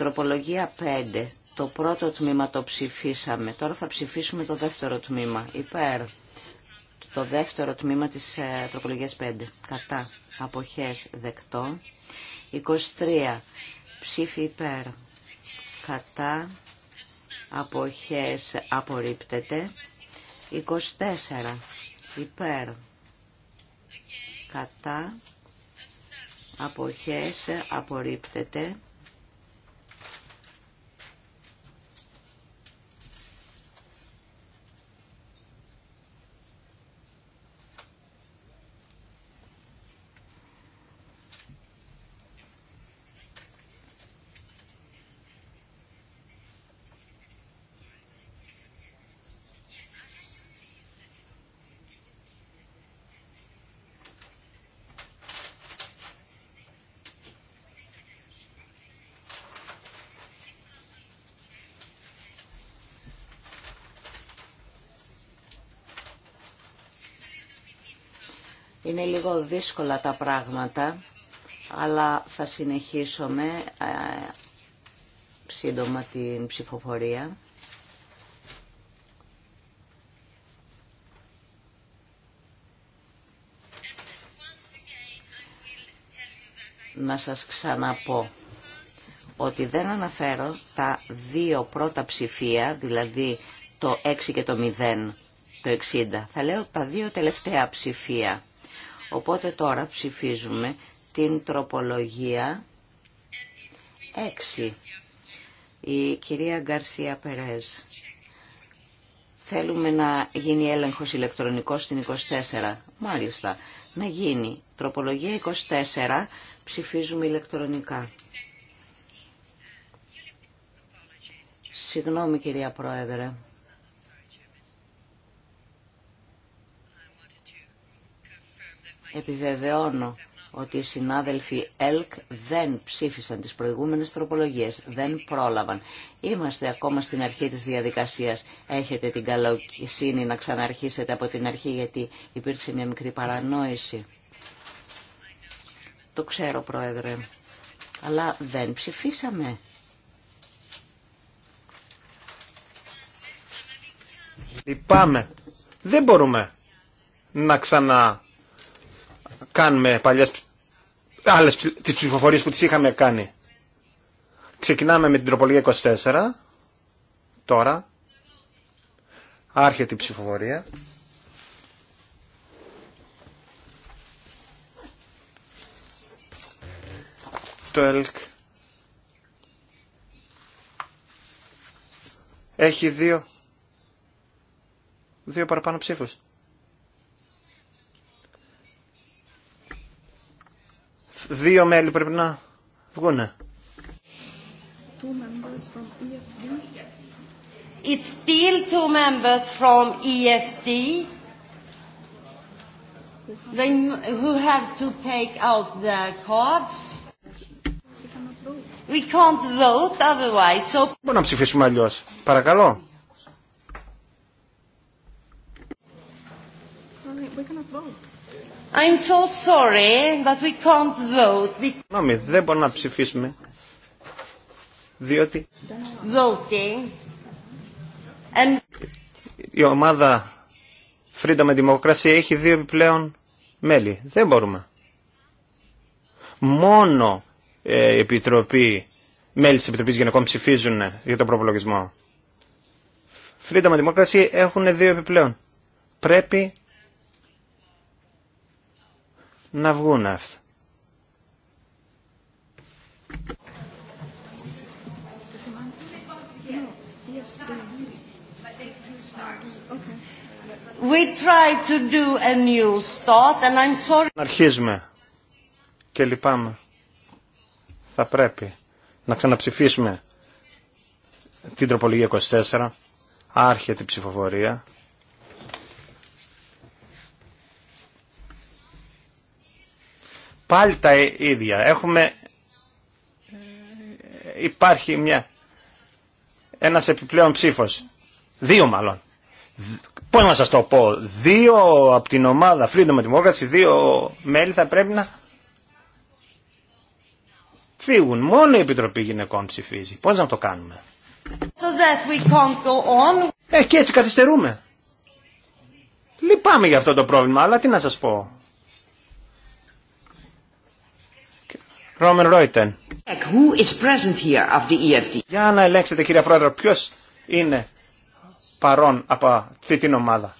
Τροπολογία 5. Το πρώτο τμήμα το ψηφίσαμε. Τώρα θα ψηφίσουμε το δεύτερο τμήμα. Υπέρ. Το δεύτερο τμήμα της ε, τροπολογίας 5. Κατά. Αποχές δεκτό. 23. Ψήφι υπέρ. Κατά. Αποχές απορρίπτεται. 24. Υπέρ. Κατά. Αποχές απορρίπτεται. είναι λίγο δύσκολα τα πράγματα, αλλά θα συνεχίσουμε ε, σύντομα την ψηφοφορία. Να σας ξαναπώ ότι δεν αναφέρω τα δύο πρώτα ψηφία, δηλαδή το 6 και το 0, το 60. Θα λέω τα δύο τελευταία ψηφία. Οπότε τώρα ψηφίζουμε την τροπολογία 6. Η κυρία Γκαρσία Περέζ. Θέλουμε να γίνει έλεγχος ηλεκτρονικός στην 24. Μάλιστα. Να γίνει. Τροπολογία 24. Ψηφίζουμε ηλεκτρονικά. Συγγνώμη κυρία Πρόεδρε. Επιβεβαιώνω ότι οι συνάδελφοι ΕΛΚ δεν ψήφισαν τις προηγούμενες τροπολογίες, δεν πρόλαβαν. Είμαστε ακόμα στην αρχή της διαδικασίας. Έχετε την καλοκυσίνη να ξαναρχίσετε από την αρχή γιατί υπήρξε μια μικρή παρανόηση. Το ξέρω, Πρόεδρε. Αλλά δεν ψηφίσαμε. Λυπάμαι. Δεν μπορούμε να ξανά κάνουμε παλιές, άλλες τις ψηφοφορίες που τις είχαμε κάνει. Ξεκινάμε με την τροπολογία 24, τώρα, άρχεται η ψηφοφορία. Το ΕΛΚ έχει δύο, δύο παραπάνω ψήφους. Δύο μέλη πρέπει να βγούνε. It's still two members from EFD. They who have to take out their cards. We can't vote otherwise. So. Μπορούμε να ψηφίσουμε αλλιώς. Παρακαλώ. We're vote. I'm so sorry, we can't vote. δεν μπορούμε να ψηφίσουμε. Διότι... Voting. And... Η ομάδα Freedom με Democracy έχει δύο επιπλέον μέλη. Δεν μπορούμε. Μόνο ε, επιτροπή, μέλη της Επιτροπής Γενικών ψηφίζουν για τον προπολογισμό. Freedom με Democracy έχουν δύο επιπλέον. Πρέπει να βγουν αυτά. We try to do a new start and I'm sorry. Αρχίζουμε και λυπάμαι. Θα πρέπει να ξαναψηφίσουμε την τροπολογία 24. Άρχεται η ψηφοφορία. Πάλι τα ίδια. Έχουμε... Υπάρχει μια... ένας επιπλέον ψήφος. Δύο μάλλον. Πώς να σας το πω. Δύο από την ομάδα Freedom Democracy, δύο μέλη θα πρέπει να φύγουν. Μόνο η Επιτροπή Γυναικών ψηφίζει. Πώς να το κάνουμε. So that we Ε, και έτσι καθυστερούμε. Λυπάμαι για αυτό το πρόβλημα, αλλά τι να σας πω. Ρόμεν Ρόιτεν. E Για να ελέγξετε κύριε Πρόεδρο ποιος είναι παρόν από αυτή την ομάδα.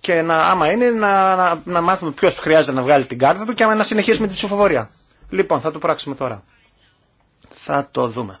Και να, άμα είναι να, να, να μάθουμε ποιο χρειάζεται να βγάλει την κάρτα του και άμα να συνεχίσουμε την ψηφοφορία. Λοιπόν, θα το πράξουμε τώρα. Θα το δούμε.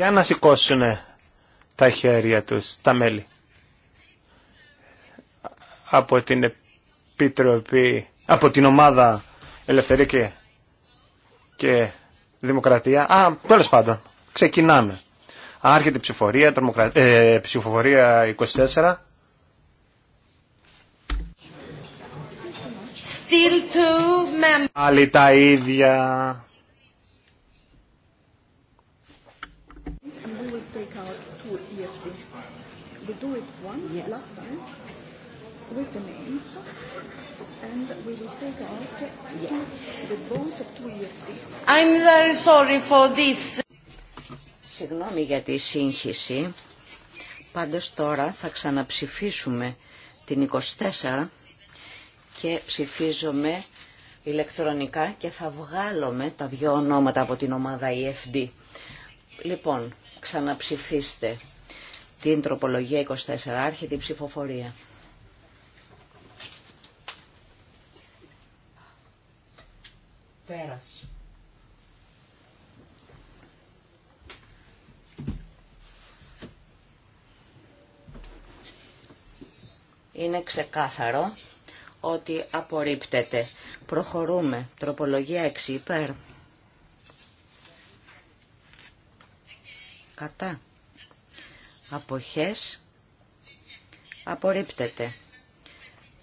Για να σηκώσουν τα χέρια τους, τα μέλη. Από την Επιτροπή, από την ομάδα Ελευθερία και, Δημοκρατία. Α, τέλος πάντων, ξεκινάμε. Άρχεται η ε, ψηφοφορία 24. still two members. Πάλι τα ίδια. Ναι. Ναι. Ναι. Ναι. Ναι. τώρα θα και ψηφίζομαι ηλεκτρονικά και θα βγάλουμε τα δυο ονόματα από την ομάδα EFD. Λοιπόν, ξαναψηφίστε την τροπολογία 24, άρχεται η ψηφοφορία. Πέρας. Είναι ξεκάθαρο ότι απορρίπτεται. Προχωρούμε. Τροπολογία 6 υπέρ. Κατά. Αποχές. Απορρίπτεται.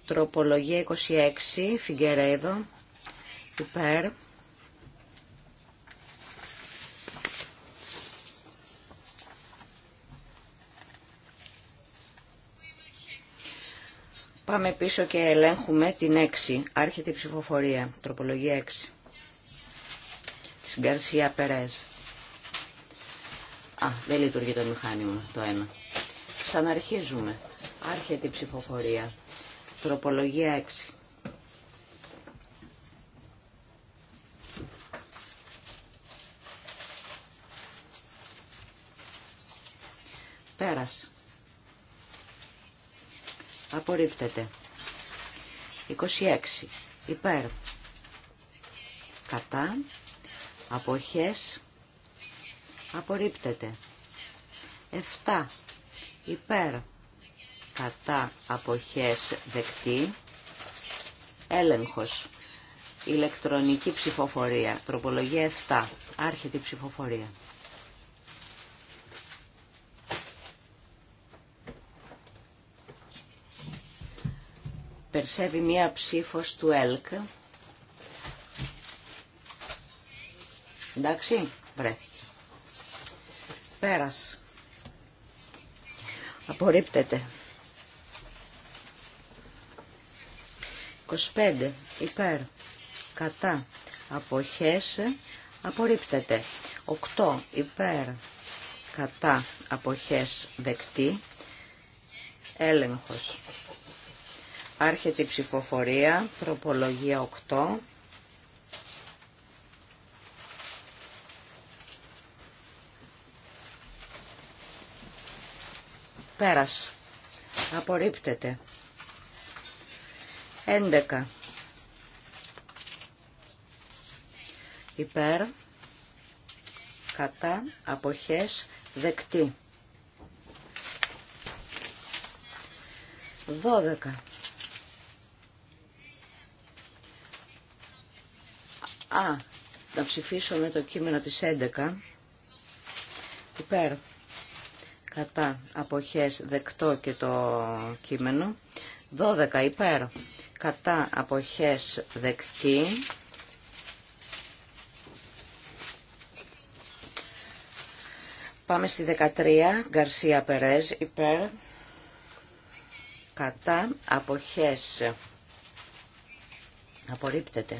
Τροπολογία 26. Φιγκερέδο. Υπέρ. Πάμε πίσω και ελέγχουμε την 6. Άρχεται η ψηφοφορία. Τροπολογία 6. Της Γκαρσία Περέζ. Α, δεν λειτουργεί το μηχάνημα το ένα. Ξαναρχίζουμε. Άρχεται η ψηφοφορία. Τροπολογία 6. Πέρασε. Απορρίπτεται. 26. Υπέρ. Κατά. Αποχές. Απορρίπτεται. 7. Υπέρ. Κατά. Αποχές. Δεκτή. Έλεγχος. Ηλεκτρονική ψηφοφορία. Τροπολογία 7. Άρχεται η ψηφοφορία. Περσέβει μία ψήφος του ΕΛΚ. Εντάξει, βρέθηκε. Πέρας. Απορρίπτεται. 25. Υπέρ. Κατά. Αποχές. Απορρίπτεται. 8. Υπέρ. Κατά. Αποχές. Δεκτή. Έλεγχος. Άρχεται η ψηφοφορία, τροπολογία 8. Πέρας. Απορρίπτεται. 11. Υπέρ. Κατά. Αποχές. Δεκτή. 12. Α, να με το κείμενο της 11. Υπέρ. Κατά αποχές δεκτό και το κείμενο. 12 υπέρ. Κατά αποχές δεκτή. Πάμε στη 13. Γκαρσία Περέζ υπέρ. Κατά αποχές απορρίπτεται.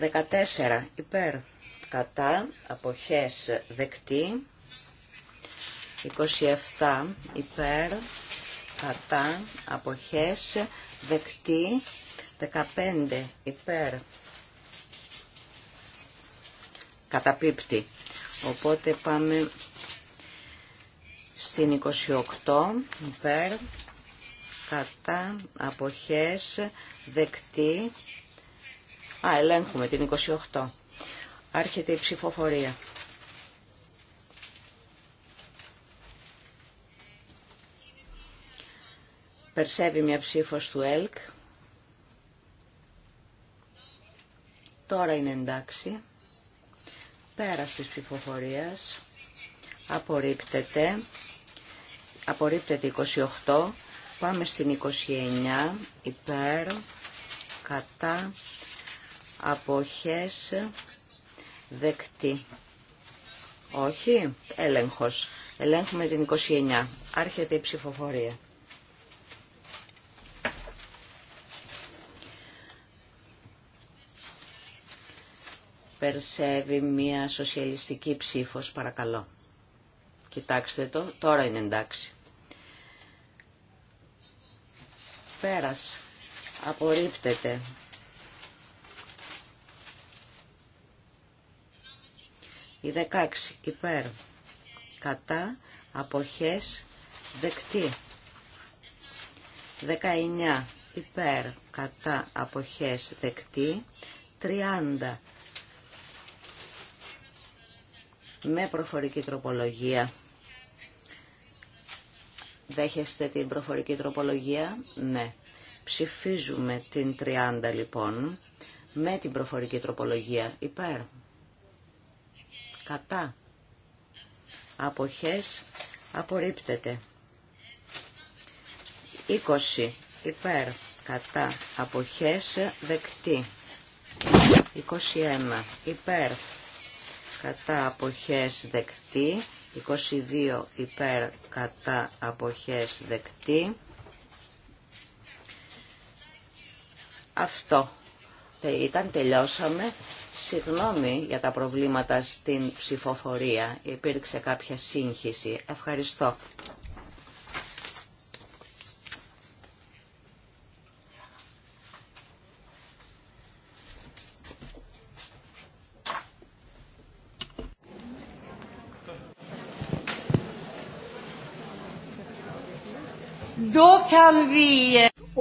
14 υπέρ κατά αποχές δεκτή 27 υπέρ κατά αποχές δεκτή 15 υπέρ καταπίπτει οπότε πάμε στην 28 υπέρ κατά αποχές δεκτή Α, ελέγχουμε την 28. Άρχεται η ψηφοφορία. Περσέβει μια ψήφος του ΕΛΚ. Τώρα είναι εντάξει. Πέρας της ψηφοφορίας. Απορρίπτεται. Απορρίπτεται 28. Πάμε στην 29. Υπέρ. Κατά αποχές δεκτή. Όχι, έλεγχος. Ελέγχουμε την 29. Άρχεται η ψηφοφορία. Περσεύει μια σοσιαλιστική ψήφος, παρακαλώ. Κοιτάξτε το, τώρα είναι εντάξει. Πέρας. Απορρίπτεται. Η 16 υπέρ κατά αποχές δεκτή. 19 υπέρ κατά αποχές δεκτή. 30 με προφορική τροπολογία. Δέχεστε την προφορική τροπολογία. Ναι. Ψηφίζουμε την 30 λοιπόν με την προφορική τροπολογία υπέρ κατά αποχές απορρίπτεται 20 υπέρ κατά αποχές δεκτή 21 υπέρ κατά αποχές δεκτή 22 υπέρ κατά αποχές δεκτή αυτό ε, ήταν, τελειώσαμε. Συγγνώμη για τα προβλήματα στην ψηφοφορία. Υπήρξε κάποια σύγχυση. Ευχαριστώ.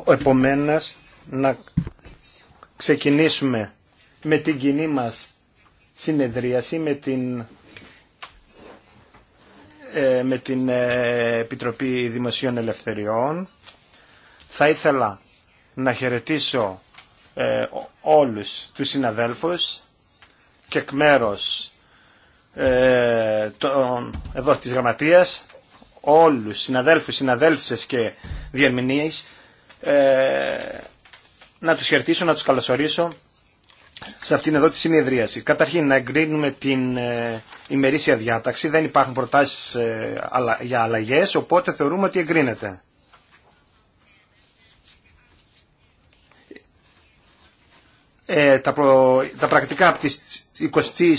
Επομένως, να ξεκινήσουμε με την κοινή μας συνεδρίαση, με την, ε, με την ε, Επιτροπή Δημοσίων Ελευθεριών. Θα ήθελα να χαιρετήσω ε, όλους τους συναδέλφους και εκ μέρους ε, το, εδώ της γραμματείας όλους συναδέλφους, συναδέλφισες και διερμηνείς να τους χαιρετήσω, να τους καλωσορίσω σε αυτήν εδώ τη συνεδρίαση. Καταρχήν να εγκρίνουμε την ε, ημερήσια διάταξη. Δεν υπάρχουν προτάσεις ε, για αλλαγές, οπότε θεωρούμε ότι εγκρίνεται. Ε, τα, τα πρακτικά από τις 20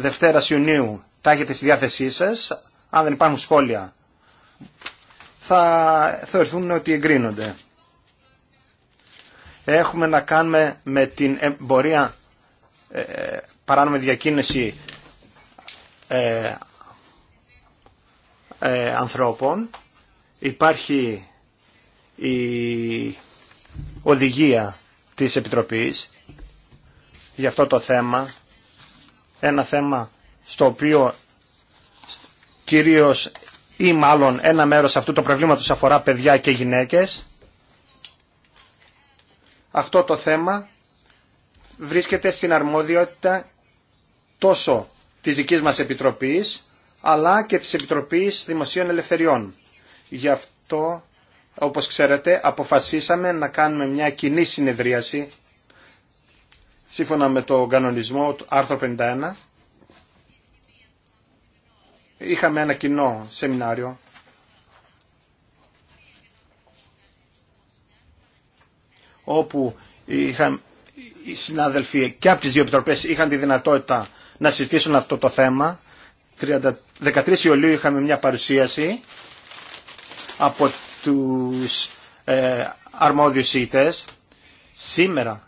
Δευτέρα Ιουνίου τα έχετε στη διάθεσή σας. Αν δεν υπάρχουν σχόλια θα θεωρηθούν ότι εγκρίνονται έχουμε να κάνουμε με την εμπορία ε, παράνομη διακίνηση ε, ε, ανθρώπων. Υπάρχει η οδηγία της Επιτροπής για αυτό το θέμα. Ένα θέμα στο οποίο κυρίως ή μάλλον ένα μέρος αυτού του προβλήματος αφορά παιδιά και γυναίκες αυτό το θέμα βρίσκεται στην αρμόδιότητα τόσο της δικής μας Επιτροπής αλλά και της Επιτροπής Δημοσίων Ελευθεριών. Γι' αυτό, όπως ξέρετε, αποφασίσαμε να κάνουμε μια κοινή συνεδρίαση σύμφωνα με το κανονισμό του άρθρο 51. Είχαμε ένα κοινό σεμινάριο όπου είχαν, οι συνάδελφοι και από τις δύο επιτροπές είχαν τη δυνατότητα να συζητήσουν αυτό το θέμα. 13 Ιουλίου είχαμε μια παρουσίαση από τους ε, αρμόδιους Σήμερα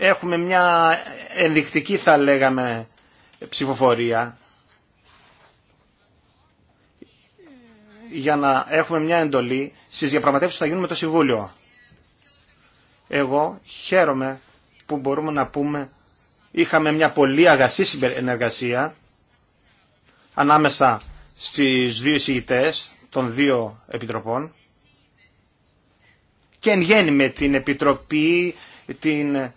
έχουμε μια ενδεικτική θα λέγαμε ψηφοφορία για να έχουμε μια εντολή στις διαπραγματεύσεις που θα γίνουν με το Συμβούλιο. Εγώ χαίρομαι που μπορούμε να πούμε είχαμε μια πολύ αγασή συνεργασία ανάμεσα στις δύο εισηγητές των δύο επιτροπών και εν γέννη με την Επιτροπή την,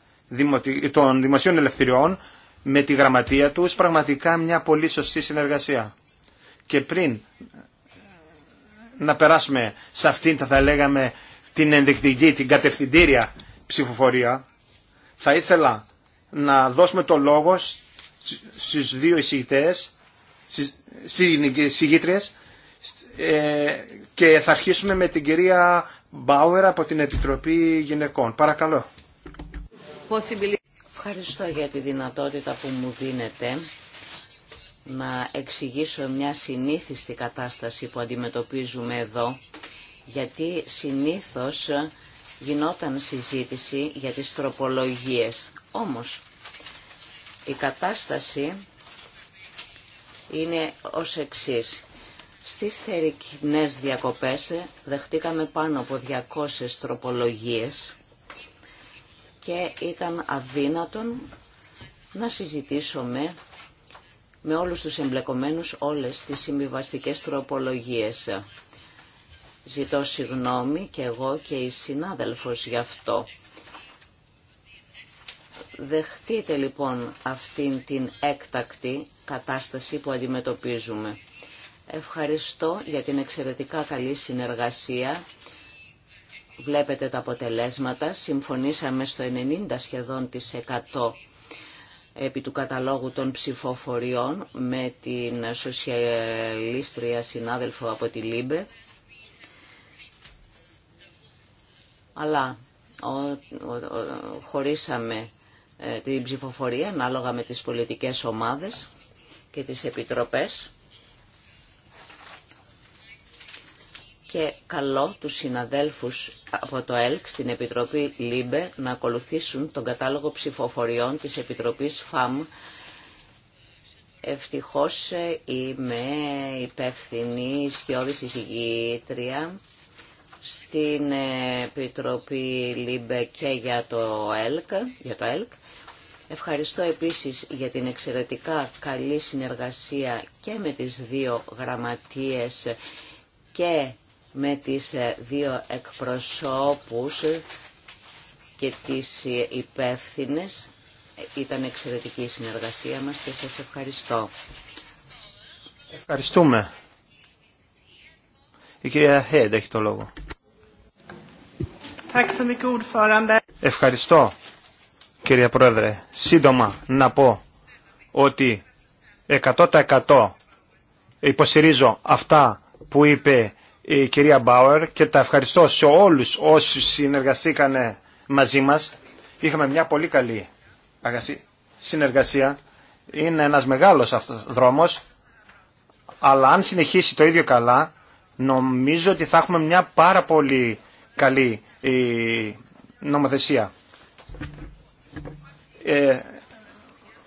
των Δημοσίων Ελευθεριών με τη γραμματεία τους πραγματικά μια πολύ σωστή συνεργασία. Και πριν να περάσουμε σε αυτήν θα, θα λέγαμε την ενδεικτική, την κατευθυντήρια ψηφοφορία θα ήθελα να δώσουμε το λόγο στους δύο εισηγητές, συγγήτριες ε, και θα αρχίσουμε με την κυρία Μπάουερ από την Επιτροπή Γυναικών. Παρακαλώ. Ευχαριστώ για τη δυνατότητα που μου δίνετε να εξηγήσω μια συνήθιστη κατάσταση που αντιμετωπίζουμε εδώ, γιατί συνήθως γινόταν συζήτηση για τις τροπολογίες. Όμως, η κατάσταση είναι ως εξής. Στις θερικινές διακοπές δεχτήκαμε πάνω από 200 τροπολογίες και ήταν αδύνατον να συζητήσουμε με όλους τους εμπλεκομένους όλες τις συμβιβαστικές τροπολογίες. Ζητώ συγγνώμη και εγώ και η συνάδελφος γι' αυτό. Δεχτείτε λοιπόν αυτήν την έκτακτη κατάσταση που αντιμετωπίζουμε. Ευχαριστώ για την εξαιρετικά καλή συνεργασία. Βλέπετε τα αποτελέσματα. Συμφωνήσαμε στο 90 σχεδόν της 100 επί του καταλόγου των ψηφοφοριών με την σοσιαλίστρια συνάδελφο από τη Λίμπε αλλά χωρίσαμε ε, την ψηφοφορία ανάλογα με τις πολιτικές ομάδες και τις επιτροπές και καλώ τους συναδέλφους από το ΕΛΚ στην Επιτροπή ΛΥΜΠΕ να ακολουθήσουν τον κατάλογο ψηφοφοριών της Επιτροπής ΦΑΜ. Ευτυχώς ε, είμαι υπεύθυνη ισχυώδης εισηγήτρια στην Επιτροπή ΛΥΜΠΕ και για το ΕΛΚ. Για το ΕΛΚ. Ευχαριστώ επίσης για την εξαιρετικά καλή συνεργασία και με τις δύο γραμματείες και με τις δύο εκπροσώπους και τις υπεύθυνε. Ήταν εξαιρετική η συνεργασία μας και σας ευχαριστώ. Ευχαριστούμε. Η κυρία Χέντ έχει το λόγο. Ευχαριστώ κυρία Πρόεδρε. Σύντομα να πω ότι 100% υποστηρίζω αυτά που είπε η κυρία Μπάουερ και τα ευχαριστώ σε όλους όσους συνεργαστήκανε μαζί μας. Είχαμε μια πολύ καλή συνεργασία. Είναι ένας μεγάλος αυτός δρόμος, αλλά αν συνεχίσει το ίδιο καλά νομίζω ότι θα έχουμε μια πάρα πολύ καλή ε, νομοθεσία. Ε,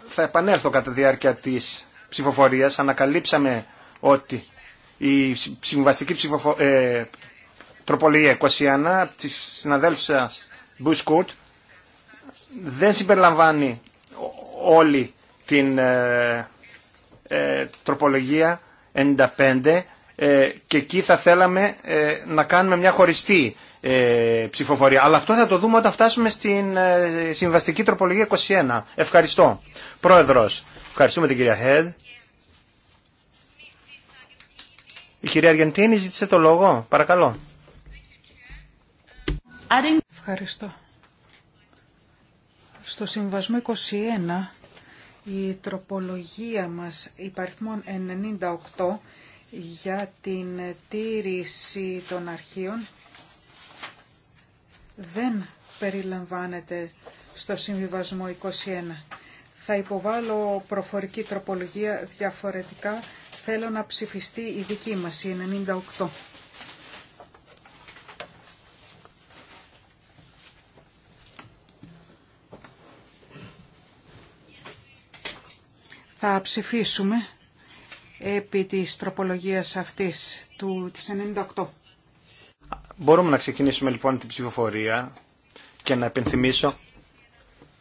θα επανέλθω κατά τη διάρκεια της ψηφοφορίας. Ανακαλύψαμε ότι η συμβαστική ε, τροπολογία 21 της συναδέλφου σας Μπουσκούτ δεν συμπεριλαμβάνει όλη την ε, τροπολογία 95 ε, και εκεί θα θέλαμε ε, να κάνουμε μια χωριστή ε, ψηφοφορία. Αλλά αυτό θα το δούμε όταν φτάσουμε στην συμβαστική τροπολογία 21. Ευχαριστώ. Πρόεδρος, ευχαριστούμε την κυρία Χέντ. Η κυρία Αργεντίνη ζήτησε το λόγο. Παρακαλώ. Ευχαριστώ. Στο Συμβασμό 21 η τροπολογία μας υπαριθμών 98 για την τήρηση των αρχείων δεν περιλαμβάνεται στο Συμβιβασμό 21. Θα υποβάλω προφορική τροπολογία διαφορετικά. Θέλω να ψηφιστεί η δική μας, η 98. Θα ψηφίσουμε επί της τροπολογίας αυτής του, της 98. Μπορούμε να ξεκινήσουμε λοιπόν την ψηφοφορία και να επενθυμίσω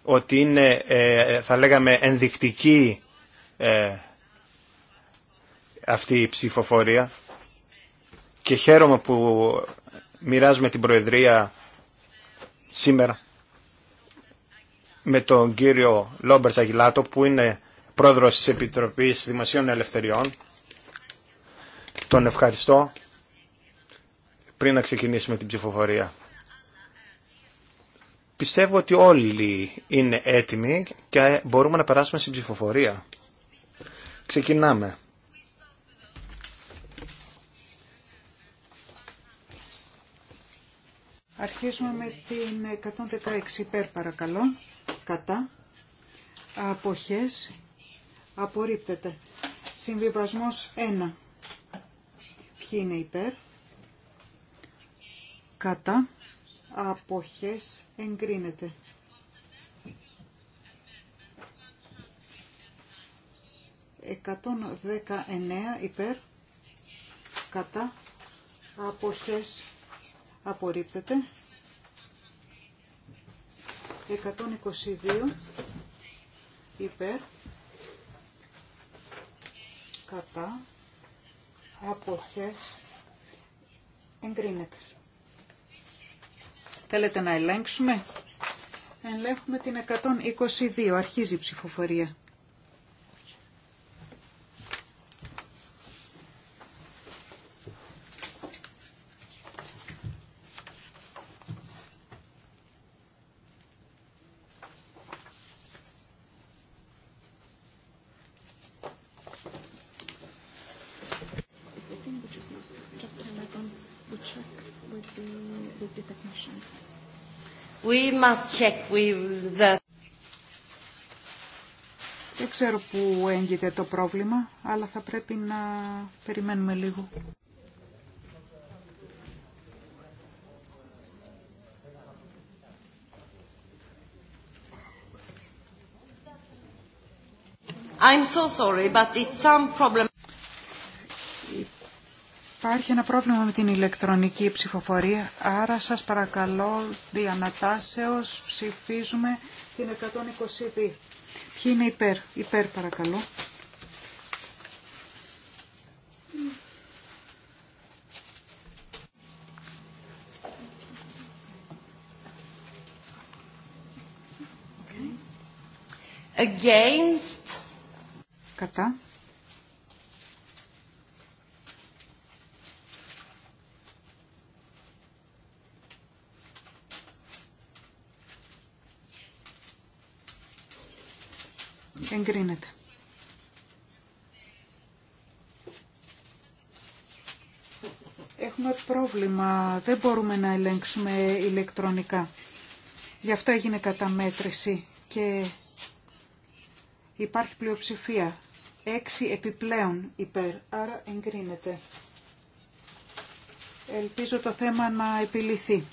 ότι είναι, ε, θα λέγαμε, ενδεικτική ε, αυτή η ψηφοφορία και χαίρομαι που μοιράζουμε την Προεδρία σήμερα με τον κύριο Λόμπερς Αγιλάτο που είναι πρόεδρος της Επιτροπής Δημοσίων Ελευθεριών. Τον ευχαριστώ πριν να ξεκινήσουμε την ψηφοφορία. Πιστεύω ότι όλοι είναι έτοιμοι και μπορούμε να περάσουμε στην ψηφοφορία. Ξεκινάμε. Αρχίζουμε με την 116 υπέρ παρακαλώ, κατά, αποχές, απορρίπτεται. Συμβιβασμός 1. Ποιοι είναι υπέρ. Κατά. Αποχές εγκρίνεται. Εκατόν δέκα υπέρ. Κατά. Αποχές απορρίπτεται. 122 υπέρ κατά χες εγκρίνεται. Θέλετε να ελέγξουμε. Ελέγχουμε την 122. Αρχίζει η ψηφοφορία. with the technicians. We must check with the... Δεν ξέρω που έγκυται το πρόβλημα, αλλά θα πρέπει να περιμένουμε λίγο. I'm so sorry, but it's some problem. Υπάρχει ένα πρόβλημα με την ηλεκτρονική ψηφοφορία, άρα σας παρακαλώ διανατάσεως ψηφίζουμε την 122. Ποιοι είναι υπέρ, υπέρ παρακαλώ. Against. Κατά. Εγκρίνεται. Έχουμε πρόβλημα. Δεν μπορούμε να ελέγξουμε ηλεκτρονικά. Γι' αυτό έγινε καταμέτρηση και υπάρχει πλειοψηφία. Έξι επιπλέον υπέρ, άρα εγκρίνεται. Ελπίζω το θέμα να επιληθεί.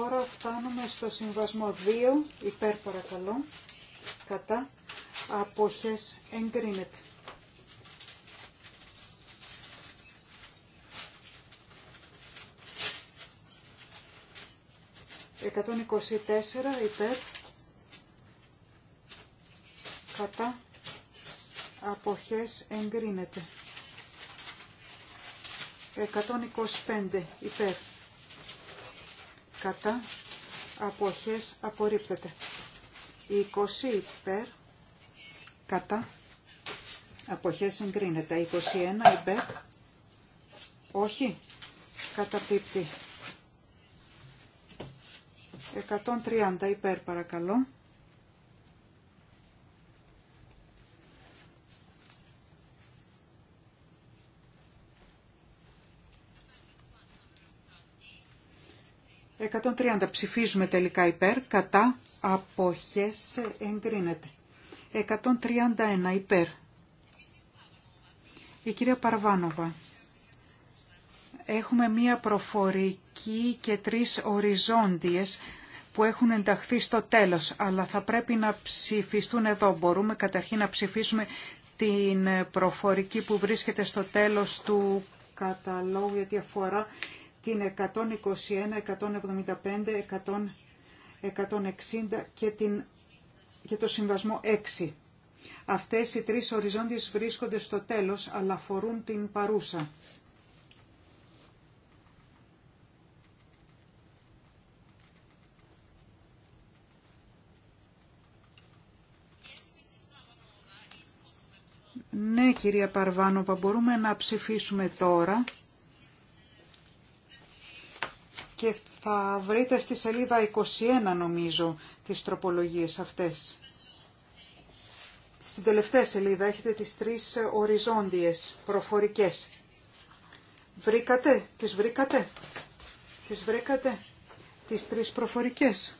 Τώρα φτάνουμε στο συμβασμό 2, υπέρ παρακαλώ, κατά, αποχές εγκρίνεται. Εκατόν υπέρ, κατά, αποχές εγκρίνεται. 125 υπέρ κατά αποχές απορρίπτεται. 20 υπέρ κατά αποχές εγκρίνεται. 21 υπέρ όχι καταπίπτει. 130 υπέρ παρακαλώ 130 ψηφίζουμε τελικά υπέρ, κατά, αποχές εγκρίνεται. 131 υπέρ. Η κυρία Παρβάνοβα. Έχουμε μία προφορική και τρεις οριζόντιες που έχουν ενταχθεί στο τέλος, αλλά θα πρέπει να ψηφιστούν εδώ. Μπορούμε καταρχήν να ψηφίσουμε την προφορική που βρίσκεται στο τέλος του καταλόγου, γιατί αφορά την 121, 175, 160 και, την, και το συμβασμό 6. Αυτές οι τρεις οριζόντιες βρίσκονται στο τέλος, αλλά φορούν την παρούσα. Ναι, κυρία Παρβάνοβα, μπορούμε να ψηφίσουμε τώρα και θα βρείτε στη σελίδα 21 νομίζω τις τροπολογίες αυτές. Στην τελευταία σελίδα έχετε τις τρεις οριζόντιες προφορικές. Βρήκατε, τις βρήκατε, τις βρήκατε, τις τρεις προφορικές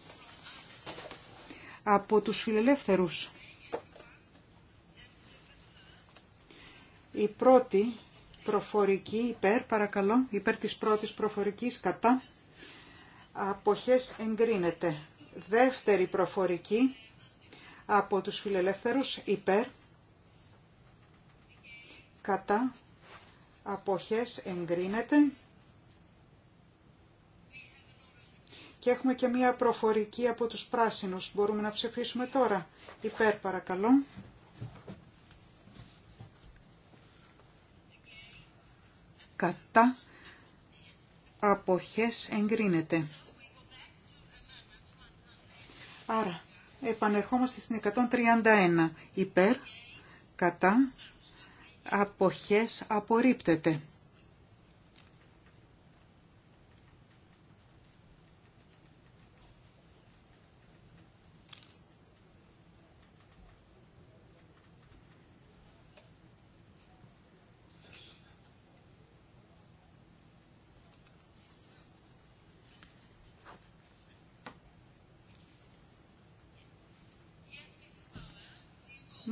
από τους φιλελεύθερους. Η πρώτη προφορική υπέρ, παρακαλώ, υπέρ της πρώτης προφορικής κατά αποχές εγκρίνεται. Δεύτερη προφορική από τους φιλελεύθερους υπέρ, κατά, αποχές εγκρίνεται. Και έχουμε και μία προφορική από τους πράσινους. Μπορούμε να ψηφίσουμε τώρα. Υπέρ παρακαλώ. Κατά αποχές εγκρίνεται. Άρα, επανερχόμαστε στην 131. Υπέρ, κατά, αποχές απορρίπτεται.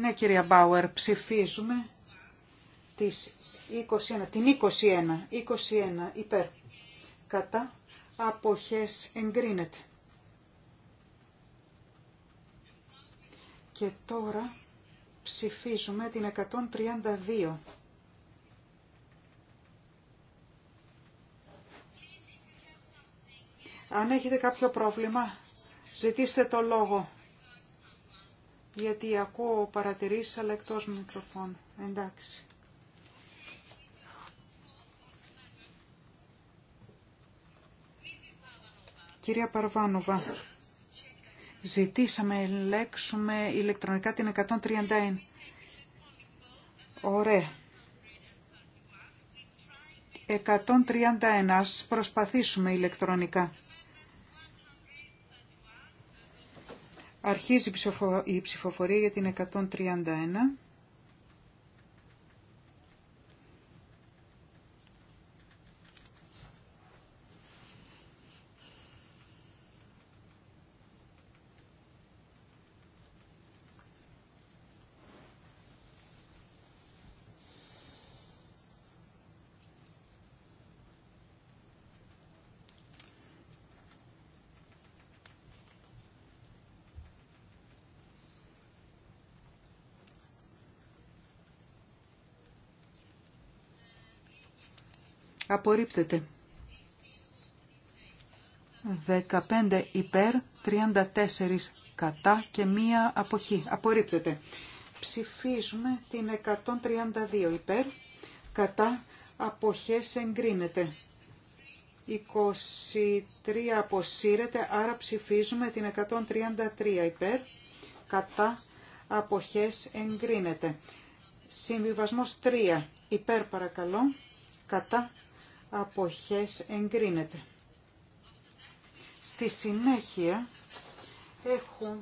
Ναι, κυρία Μπάουερ, ψηφίζουμε τις 21, την 21, 21 υπέρ. Κατά αποχές εγκρίνεται. Και τώρα ψηφίζουμε την 132. Αν έχετε κάποιο πρόβλημα, ζητήστε το λόγο γιατί ακούω παρατηρήσεις αλλά εκτός μικροφώνου. Εντάξει. Κυρία Παρβάνοβα, ζητήσαμε, ελέξουμε ηλεκτρονικά την 131. Ωραία. 131, ας προσπαθήσουμε ηλεκτρονικά. Αρχίζει η ψηφοφορία για την 131. Απορρίπτεται. 15 υπέρ, 34 κατά και μία αποχή. Απορρίπτεται. Ψηφίζουμε την 132 υπέρ, κατά αποχές εγκρίνεται. 23 αποσύρεται, άρα ψηφίζουμε την 133 υπέρ, κατά αποχές εγκρίνεται. Συμβιβασμός 3 υπέρ παρακαλώ, κατά αποχές εγκρίνεται. Στη συνέχεια έχουν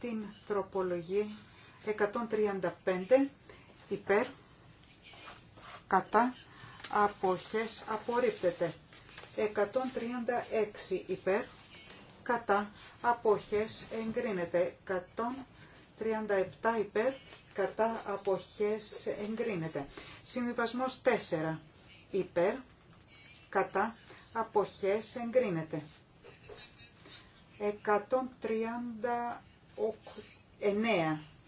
την τροπολογία 135 υπέρ κατά αποχές απορρίπτεται. 136 υπέρ κατά αποχές εγκρίνεται. 137 υπέρ κατά αποχές εγκρίνεται. Συμβιβασμός 4 υπέρ κατά αποχές εγκρίνεται. 139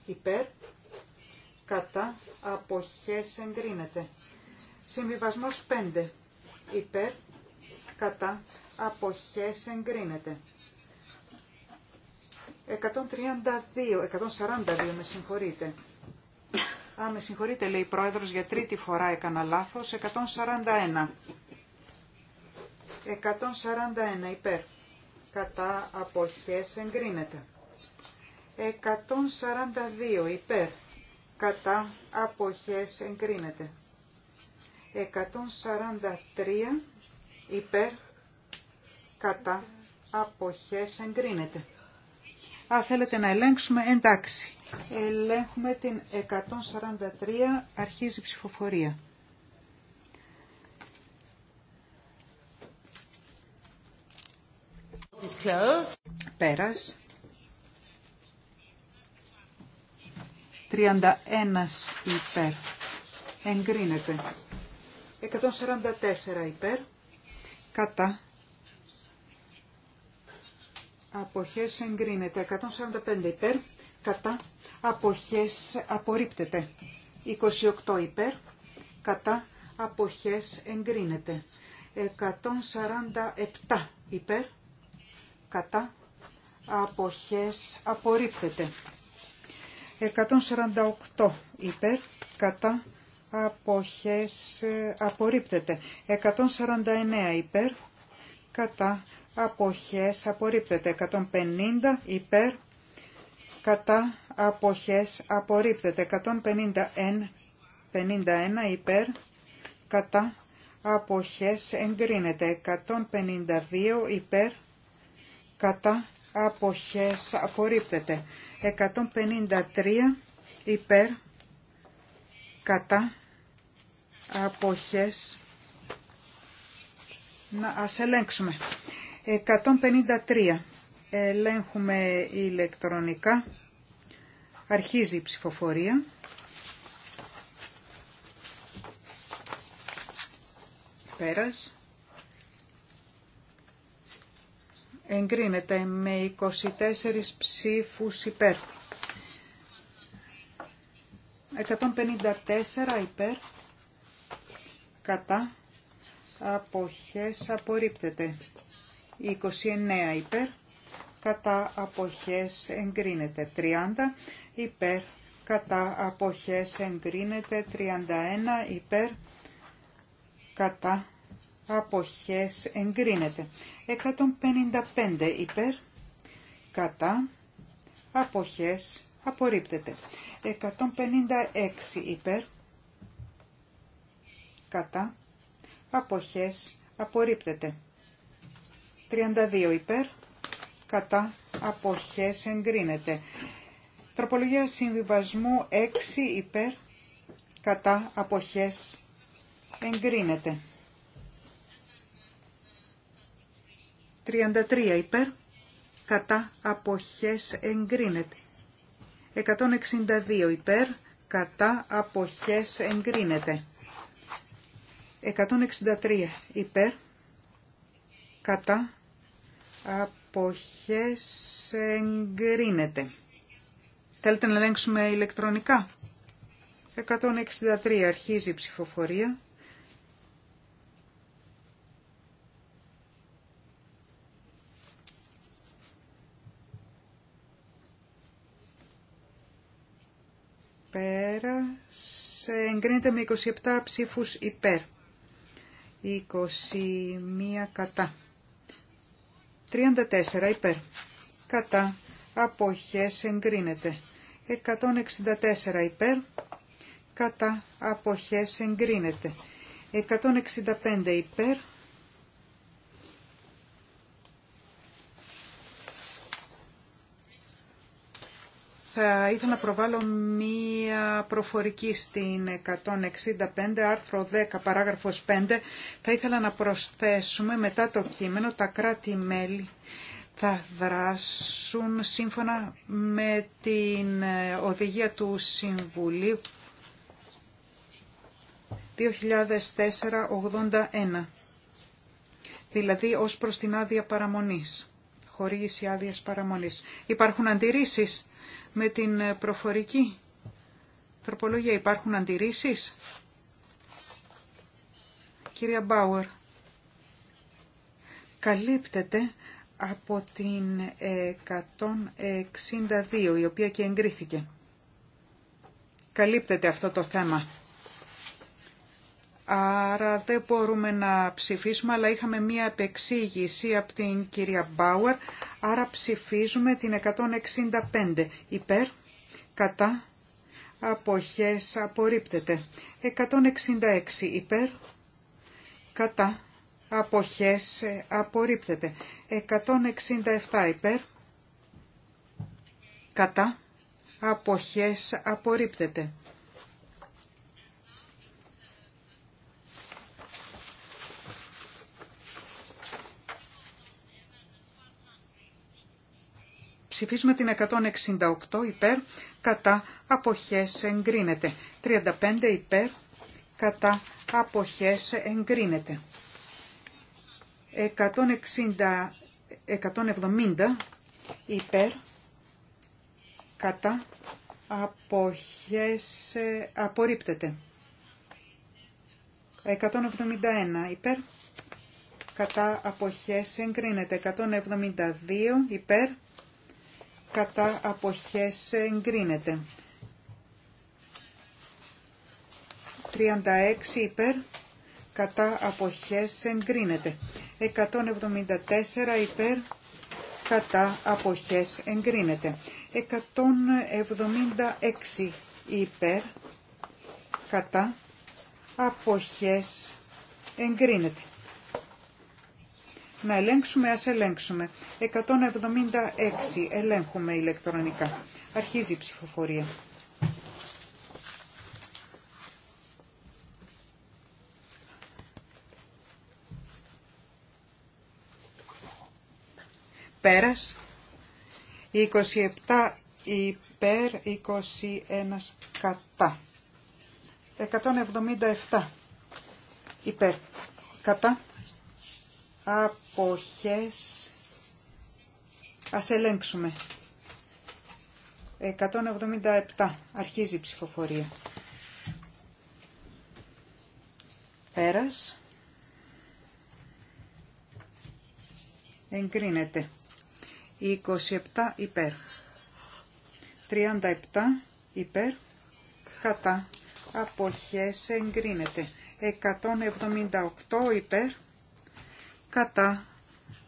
υπέρ κατά αποχές εγκρίνεται. Συμβιβασμός 5 υπέρ κατά αποχές εγκρίνεται. 132, 142 με συγχωρείτε. Α, με συγχωρείτε λέει η πρόεδρος για τρίτη φορά έκανα λάθος. 141 141 υπέρ. Κατά αποχές εγκρίνεται. 142 υπέρ. Κατά αποχές εγκρίνεται. 143 υπέρ. Κατά αποχές εγκρίνεται. Α, θέλετε να ελέγξουμε, εντάξει. Ελέγχουμε την 143, αρχίζει η ψηφοφορία. Πέρας. 31 υπέρ. Εγκρίνεται. 144 υπέρ. Κατά. Αποχές εγκρίνεται. 145 υπέρ. Κατά. Αποχές απορρίπτεται. 28 υπέρ. Κατά. Αποχές εγκρίνεται. 147 υπέρ κατά αποχές απορρίπτεται. 148 υπέρ κατά αποχές απορρίπτεται. 149 υπέρ κατά αποχές απορρίπτεται. 150 υπέρ κατά αποχές απορρίπτεται. 151 51 υπέρ κατά αποχές εγκρίνεται. 152 υπέρ κατά αποχές απορρίπτεται 153 υπέρ κατά αποχές να ας ελέγξουμε 153 ελέγχουμε ηλεκτρονικά αρχίζει η ψηφοφορία πέρας εγκρίνεται με 24 ψήφους υπέρ. 154 υπέρ, κατά, αποχές απορρίπτεται. 29 υπέρ, κατά αποχές εγκρίνεται. 30 υπέρ, κατά αποχές εγκρίνεται. 31 υπέρ, κατά αποχές εγκρίνεται. 155 υπέρ, κατά, αποχές απορρίπτεται. 156 υπέρ, κατά, αποχές απορρίπτεται. 32 υπέρ, κατά, αποχές εγκρίνεται. Τροπολογία συμβιβασμού 6 υπέρ, κατά, αποχές εγκρίνεται. 33 υπέρ, κατά αποχές εγκρίνεται. 162 υπέρ, κατά αποχές εγκρίνεται. 163 υπέρ, κατά αποχές εγκρίνεται. Θέλετε να ελέγξουμε ηλεκτρονικά. 163 αρχίζει η ψηφοφορία. πέρα. εγκρίνεται με 27 ψήφους υπέρ. 21 κατά. 34 υπέρ. Κατά. Αποχές εγκρίνεται. 164 υπέρ. Κατά. Αποχές εγκρίνεται. 165 υπέρ. Θα ήθελα να προβάλλω μία προφορική στην 165, άρθρο 10, παράγραφος 5. Θα ήθελα να προσθέσουμε μετά το κείμενο τα κράτη-μέλη θα δράσουν σύμφωνα με την ε, οδηγία του Συμβουλίου 2004-81, δηλαδή ως προς την άδεια παραμονής, χορήγηση άδειας παραμονής. Υπάρχουν αντιρρήσεις με την ε, προφορική τροπολογία. Υπάρχουν αντιρρήσεις. Κυρία Μπάουερ, καλύπτεται από την 162, η οποία και εγκρίθηκε. Καλύπτεται αυτό το θέμα. Άρα δεν μπορούμε να ψηφίσουμε, αλλά είχαμε μία επεξήγηση από την κυρία Μπάουερ. Άρα ψηφίζουμε την 165. Υπέρ, κατά, αποχές, απορρίπτεται. 166. Υπέρ, κατά, αποχές, απορρίπτεται. 167. Υπέρ, κατά, αποχές, απορρίπτεται. ψηφίσουμε την 168 υπέρ, κατά αποχές εγκρίνεται. 35 υπέρ, κατά αποχές εγκρίνεται. 160, 170 υπέρ, κατά αποχές ε, απορρίπτεται. 171 υπέρ, κατά αποχές εγκρίνεται. 172 υπέρ, κατά αποχές εγκρίνεται. 36 υπέρ κατά αποχές εγκρίνεται. 174 υπέρ κατά αποχές εγκρίνεται. 176 υπέρ κατά αποχές εγκρίνεται. Να ελέγξουμε, ας ελέγξουμε. 176 ελέγχουμε ηλεκτρονικά. Αρχίζει η ψηφοφορία. Πέρας. 27 υπέρ, 21 κατά. 177 υπέρ, κατά αποχές ας ελέγξουμε 177 αρχίζει η ψηφοφορία πέρας εγκρίνεται 27 υπέρ 37 υπέρ κατά αποχές εγκρίνεται 178 υπέρ κατά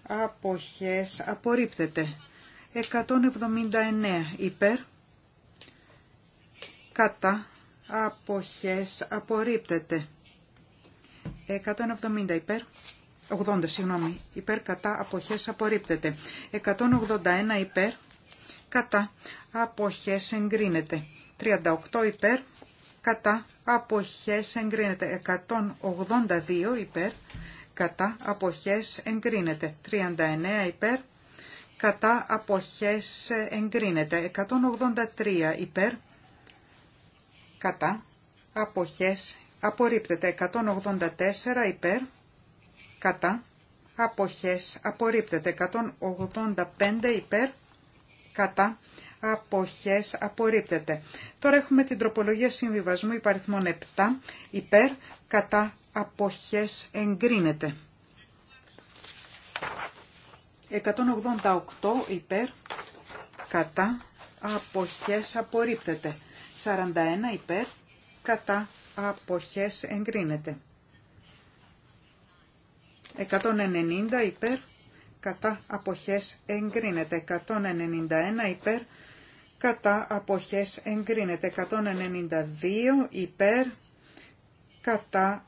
αποχές απορρίπτεται 179 υπέρ κατά αποχές απορρίπτεται 170 υπέρ 80 συγγνώμη υπέρ κατά αποχές απορρίπτεται 181 υπέρ κατά αποχές εγκρίνεται 38 υπέρ κατά αποχές εγκρίνεται 182 υπέρ κατά αποχές εγκρίνεται. 39 υπέρ κατά αποχές εγκρίνεται. 183 υπέρ κατά αποχές απορρίπτεται. 184 υπέρ κατά αποχές απορρίπτεται. 185 υπέρ κατά αποχές απορρίπτεται. Τώρα έχουμε την τροπολογία συμβιβασμού υπαριθμών 7 υπέρ κατά αποχές εγκρίνεται. 188 υπέρ κατά αποχές απορρίπτεται. 41 υπέρ κατά αποχές εγκρίνεται. 190 υπέρ κατά αποχές εγκρίνεται. 191 υπέρ κατά αποχές εγκρίνεται 192 υπέρ κατά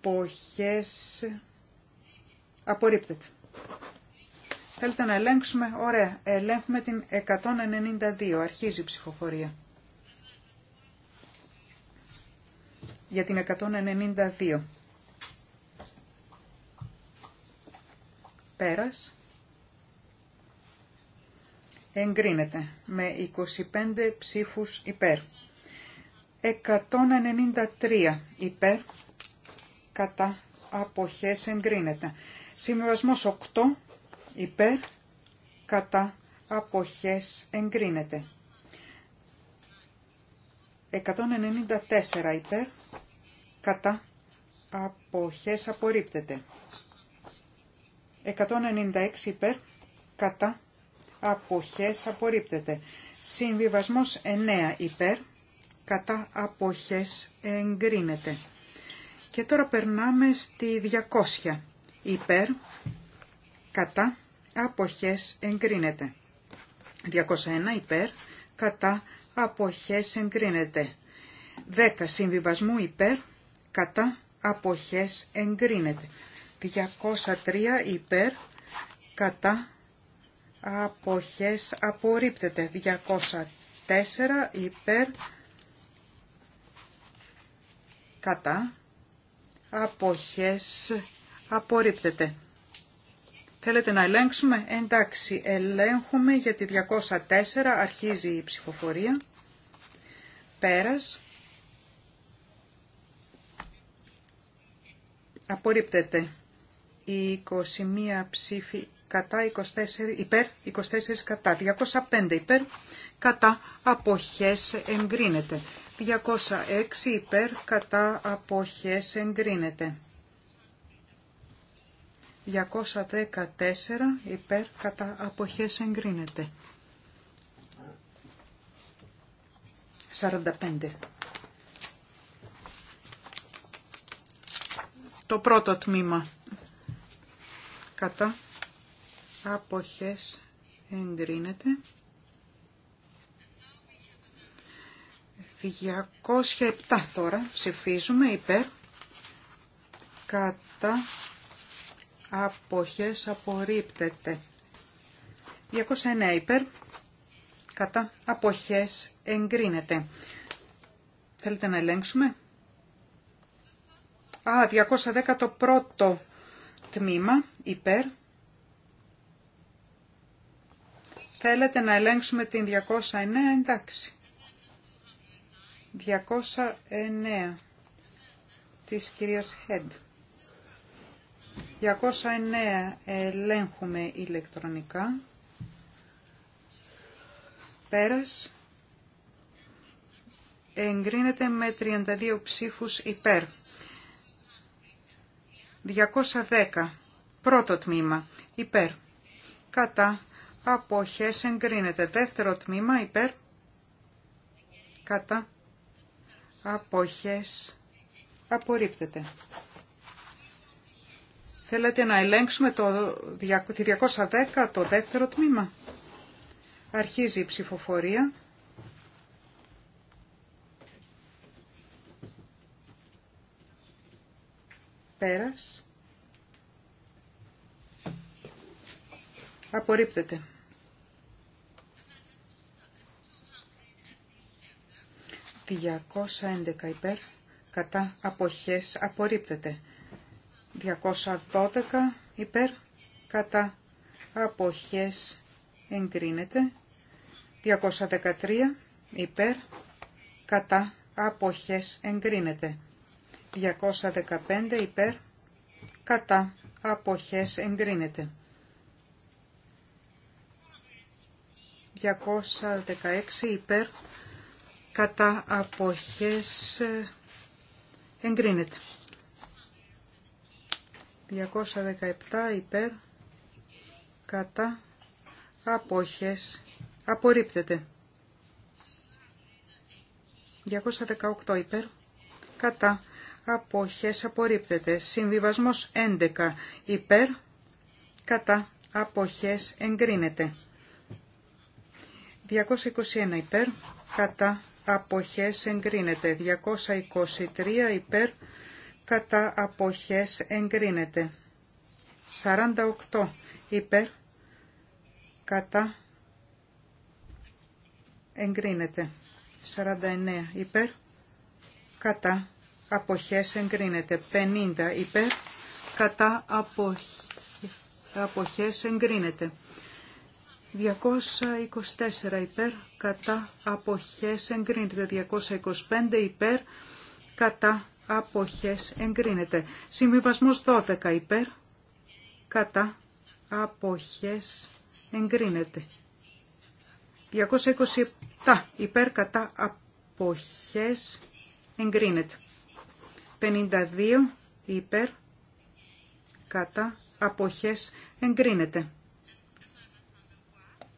αποχές απορρίπτεται. Θέλετε να ελέγξουμε, ωραία, ελέγχουμε την 192, αρχίζει η ψηφοφορία. Για την 192. Πέρας εγκρίνεται με 25 ψήφους υπέρ. 193 υπέρ κατά αποχές εγκρίνεται. Συμβιβασμός 8 υπέρ κατά αποχές εγκρίνεται. 194 υπέρ κατά αποχές απορρίπτεται. 196 υπέρ κατά αποχές απορρίπτεται. Συμβιβασμός 9 υπέρ, κατά αποχές εγκρίνεται. Και τώρα περνάμε στη 200 υπέρ, κατά αποχές εγκρίνεται. 201 υπέρ, κατά αποχές εγκρίνεται. 10 συμβιβασμού υπέρ, κατά αποχές εγκρίνεται. 203 υπέρ, κατά αποχές απορρίπτεται 204 υπέρ κατά αποχές απορρίπτεται Θέλετε να ελέγξουμε. Εντάξει, ελέγχουμε γιατί τη 204. Αρχίζει η ψηφοφορία. Πέρας. Απορρίπτεται. Η 21 ψήφι κατά 24 υπέρ, 24 κατά, 205 υπέρ, κατά αποχές εγκρίνεται. 206 υπέρ, κατά αποχές εγκρίνεται. 214 υπέρ, κατά αποχές εγκρίνεται. 45. Το πρώτο τμήμα κατά αποχές εγκρίνεται. 207 τώρα ψηφίζουμε υπέρ κατά αποχές απορρίπτεται. 209 υπέρ κατά αποχές εγκρίνεται. Θέλετε να ελέγξουμε. Α, 210 το πρώτο τμήμα υπέρ Θέλετε να ελέγξουμε την 209, εντάξει. 209 της κυρίας Head. 209 ελέγχουμε ηλεκτρονικά. Πέρας. Εγκρίνεται με 32 ψήφους υπέρ. 210. Πρώτο τμήμα. Υπέρ. Κατά αποχές εγκρίνεται. Δεύτερο τμήμα υπέρ κατά αποχές απορρίπτεται. Θέλετε να ελέγξουμε το, 210 το δεύτερο τμήμα. Αρχίζει η ψηφοφορία. Πέρας. Απορρίπτεται. 211 υπέρ κατά αποχές απορρίπτεται. 212 υπέρ κατά αποχές εγκρίνεται. 213 υπέρ κατά αποχές εγκρίνεται. 215 υπέρ κατά αποχές εγκρίνεται. 216 υπέρ κατά αποχές ε, εγκρίνεται. 217 υπέρ κατά αποχές απορρίπτεται. 218 υπέρ κατά αποχές απορρίπτεται. Συμβιβασμός 11 υπέρ κατά αποχές εγκρίνεται. 221 υπέρ κατά αποχές εγκρίνεται. 223 υπέρ κατά αποχές εγκρίνεται. 48 υπέρ κατά εγκρίνεται. 49 υπέρ κατά αποχές εγκρίνεται. 50 υπέρ κατά αποχές εγκρίνεται. 224 υπέρ κατά αποχές εγκρίνεται. 225 υπέρ κατά αποχές εγκρίνεται. Συμβιβασμός 12 υπέρ κατά αποχές εγκρίνεται. 227 υπέρ κατά αποχές εγκρίνεται. 52 υπέρ κατά αποχές εγκρίνεται.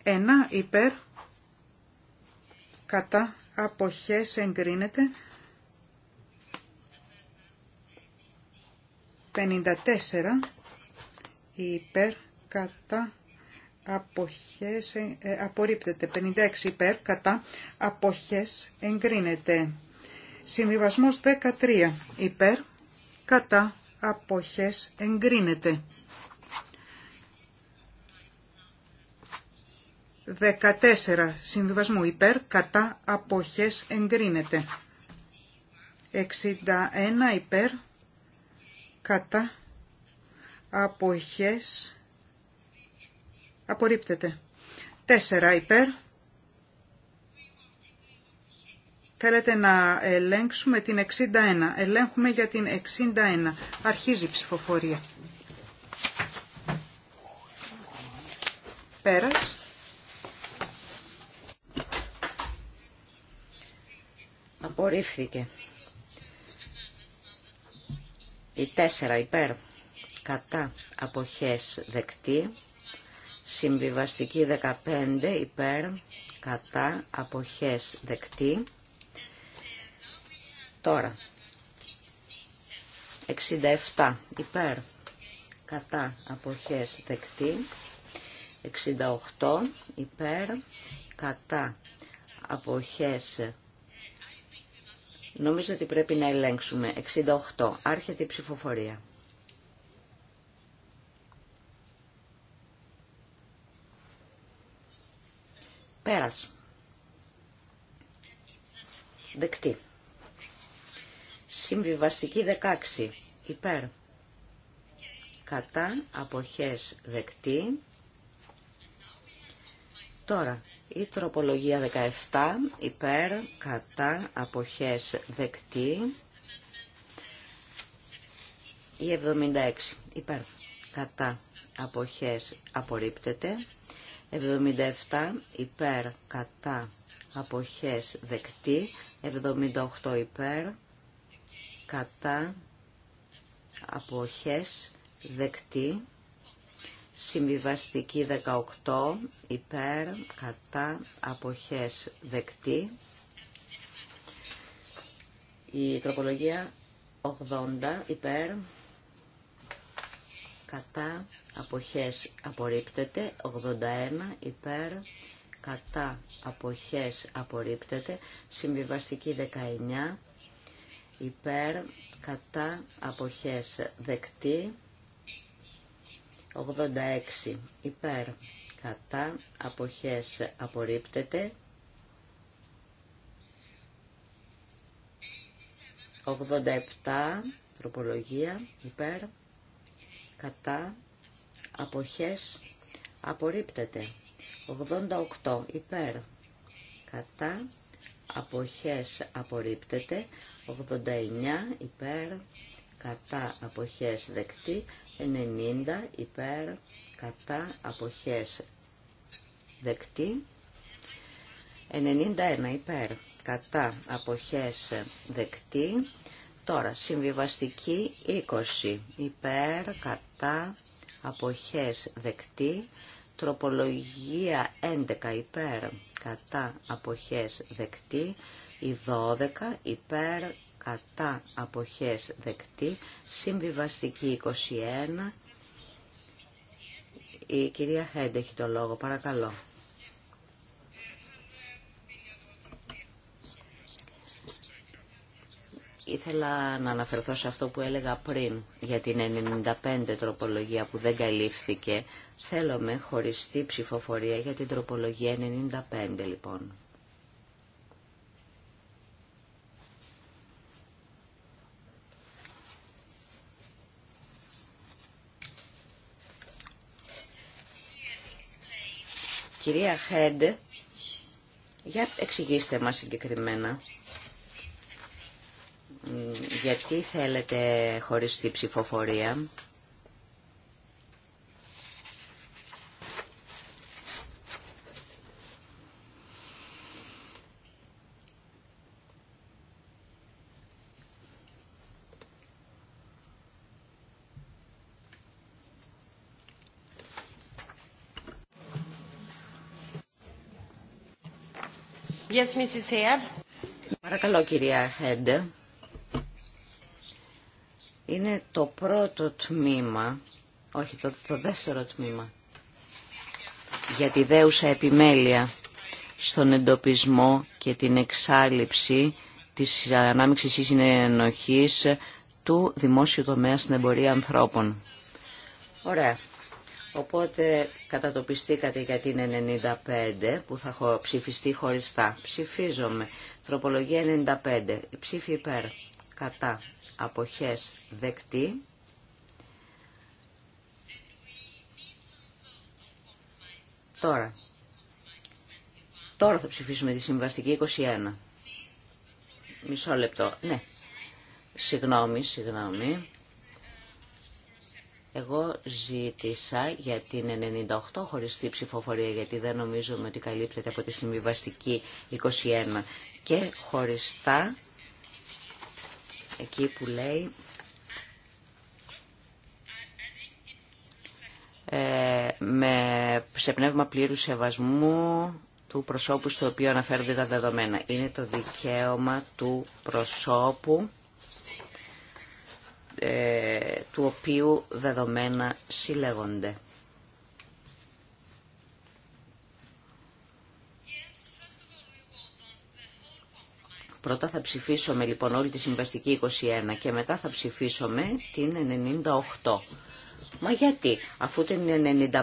1 υπέρ κατά αποχές εγκρίνεται 54 υπέρ κατά αποχές ε, ε απορρίπτεται 56 υπέρ κατά αποχές εγκρίνεται συμβιβασμός 13 υπέρ κατά αποχές εγκρίνεται 14 συμβιβασμού υπέρ κατά αποχές εγκρίνεται. 61 υπέρ κατά αποχές απορρίπτεται. 4 υπέρ Θέλετε να ελέγξουμε την 61. Ελέγχουμε για την 61. Αρχίζει η ψηφοφορία. Πέρας. Απορρίφθηκε. Η 4 υπέρ κατά αποχές δεκτή. Συμβιβαστική 15 υπέρ κατά αποχές δεκτή. Τώρα. 67 υπέρ κατά αποχές δεκτή. 68 υπέρ κατά αποχές Νομίζω ότι πρέπει να ελέγξουμε. 68. Άρχεται η ψηφοφορία. Πέρας. Δεκτή. Συμβιβαστική 16. Υπέρ. Κατά αποχές δεκτή. Τώρα η τροπολογία 17 υπέρ κατά αποχές δεκτή. Η 76 υπέρ κατά αποχές απορρίπτεται. 77 υπέρ κατά αποχές δεκτή. 78 υπέρ κατά αποχές δεκτή. Συμβιβαστική 18 υπέρ κατά αποχές δεκτή. Η τροπολογία 80 υπέρ κατά αποχές απορρίπτεται. 81 υπέρ κατά αποχές απορρίπτεται. Συμβιβαστική 19 υπέρ κατά αποχές δεκτή. 86 υπέρ κατά αποχές απορρίπτεται 87 τροπολογία υπέρ κατά αποχές απορρίπτεται 88 υπέρ κατά αποχές απορρίπτεται 89 υπέρ κατά αποχές δεκτή 90 υπέρ κατά αποχές δεκτή 91 υπέρ κατά αποχές δεκτή τώρα συμβιβαστική 20 υπέρ κατά αποχές δεκτή τροπολογία 11 υπέρ κατά αποχές δεκτή η 12 υπέρ κατά αποχές δεκτή, συμβιβαστική 21. Η κυρία Χέντε έχει το λόγο, παρακαλώ. Ήθελα να αναφερθώ σε αυτό που έλεγα πριν για την 95 τροπολογία που δεν καλύφθηκε. Θέλουμε χωριστή ψηφοφορία για την τροπολογία 95 λοιπόν. Κυρία Χέντ, για εξηγήστε μας συγκεκριμένα. Γιατί θέλετε χωρίς τη ψηφοφορία. Παρακαλώ, κυρία Χέντε. Είναι το πρώτο τμήμα, όχι το, δεύτερο τμήμα, για τη δέουσα επιμέλεια στον εντοπισμό και την εξάλληψη της ανάμειξης ή συνενοχής του δημόσιου τομέα στην εμπορία ανθρώπων. Ωραία. Οπότε κατατοπιστήκατε για την 95 που θα ψηφιστεί χωριστά. Ψηφίζομαι. Τροπολογία 95. Ψήφι υπέρ. Κατά. Αποχές. Δεκτή. Τώρα. Τώρα θα ψηφίσουμε τη συμβαστική 21. Μισό λεπτό. Ναι. Συγγνώμη, συγγνώμη. Εγώ ζήτησα για την 98 χωριστή ψηφοφορία γιατί δεν νομίζουμε ότι καλύπτεται από τη συμβιβαστική 21 και χωριστά εκεί που λέει ε, με, σε πνεύμα πλήρου σεβασμού του προσώπου στο οποίο αναφέρονται τα δεδομένα. Είναι το δικαίωμα του προσώπου ε, του οποίου δεδομένα συλλέγονται. Πρώτα θα ψηφίσουμε λοιπόν όλη τη συμβαστική 21 και μετά θα ψηφίσουμε την 98. Μα γιατί, αφού την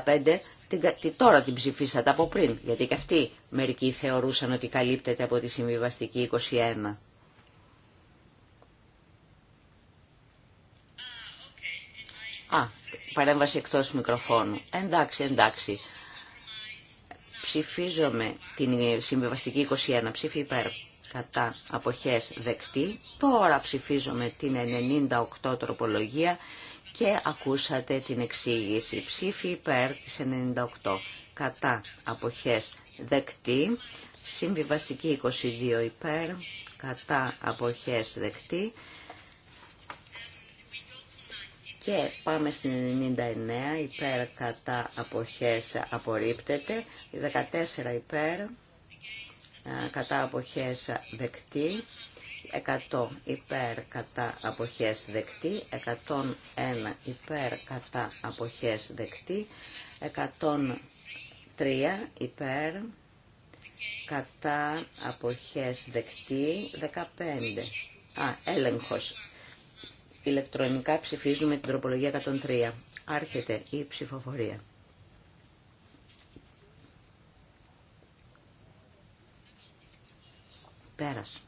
95 την, τώρα την ψηφίσατε από πριν, γιατί και αυτοί μερικοί θεωρούσαν ότι καλύπτεται από τη συμβιβαστική 21. Α, παρέμβαση εκτός μικροφώνου. Εντάξει, εντάξει. Ψηφίζομαι την συμβιβαστική 21 ψήφι υπέρ κατά αποχές δεκτή. Τώρα ψηφίζομαι την 98 τροπολογία και ακούσατε την εξήγηση. Ψήφι υπέρ της 98 κατά αποχές δεκτή. Συμβιβαστική 22 υπέρ κατά αποχές δεκτή. Και πάμε στην 99 υπέρ κατά αποχές απορρίπτεται, 14 υπέρ κατά αποχές δεκτή, 100 υπέρ κατά αποχές δεκτή, 101 υπέρ κατά αποχές δεκτή, 103 υπέρ κατά αποχές δεκτή, 15. Α, έλεγχος Ηλεκτρονικά ψηφίζουμε την τροπολογία 103. Άρχεται η ψηφοφορία. Πέρας.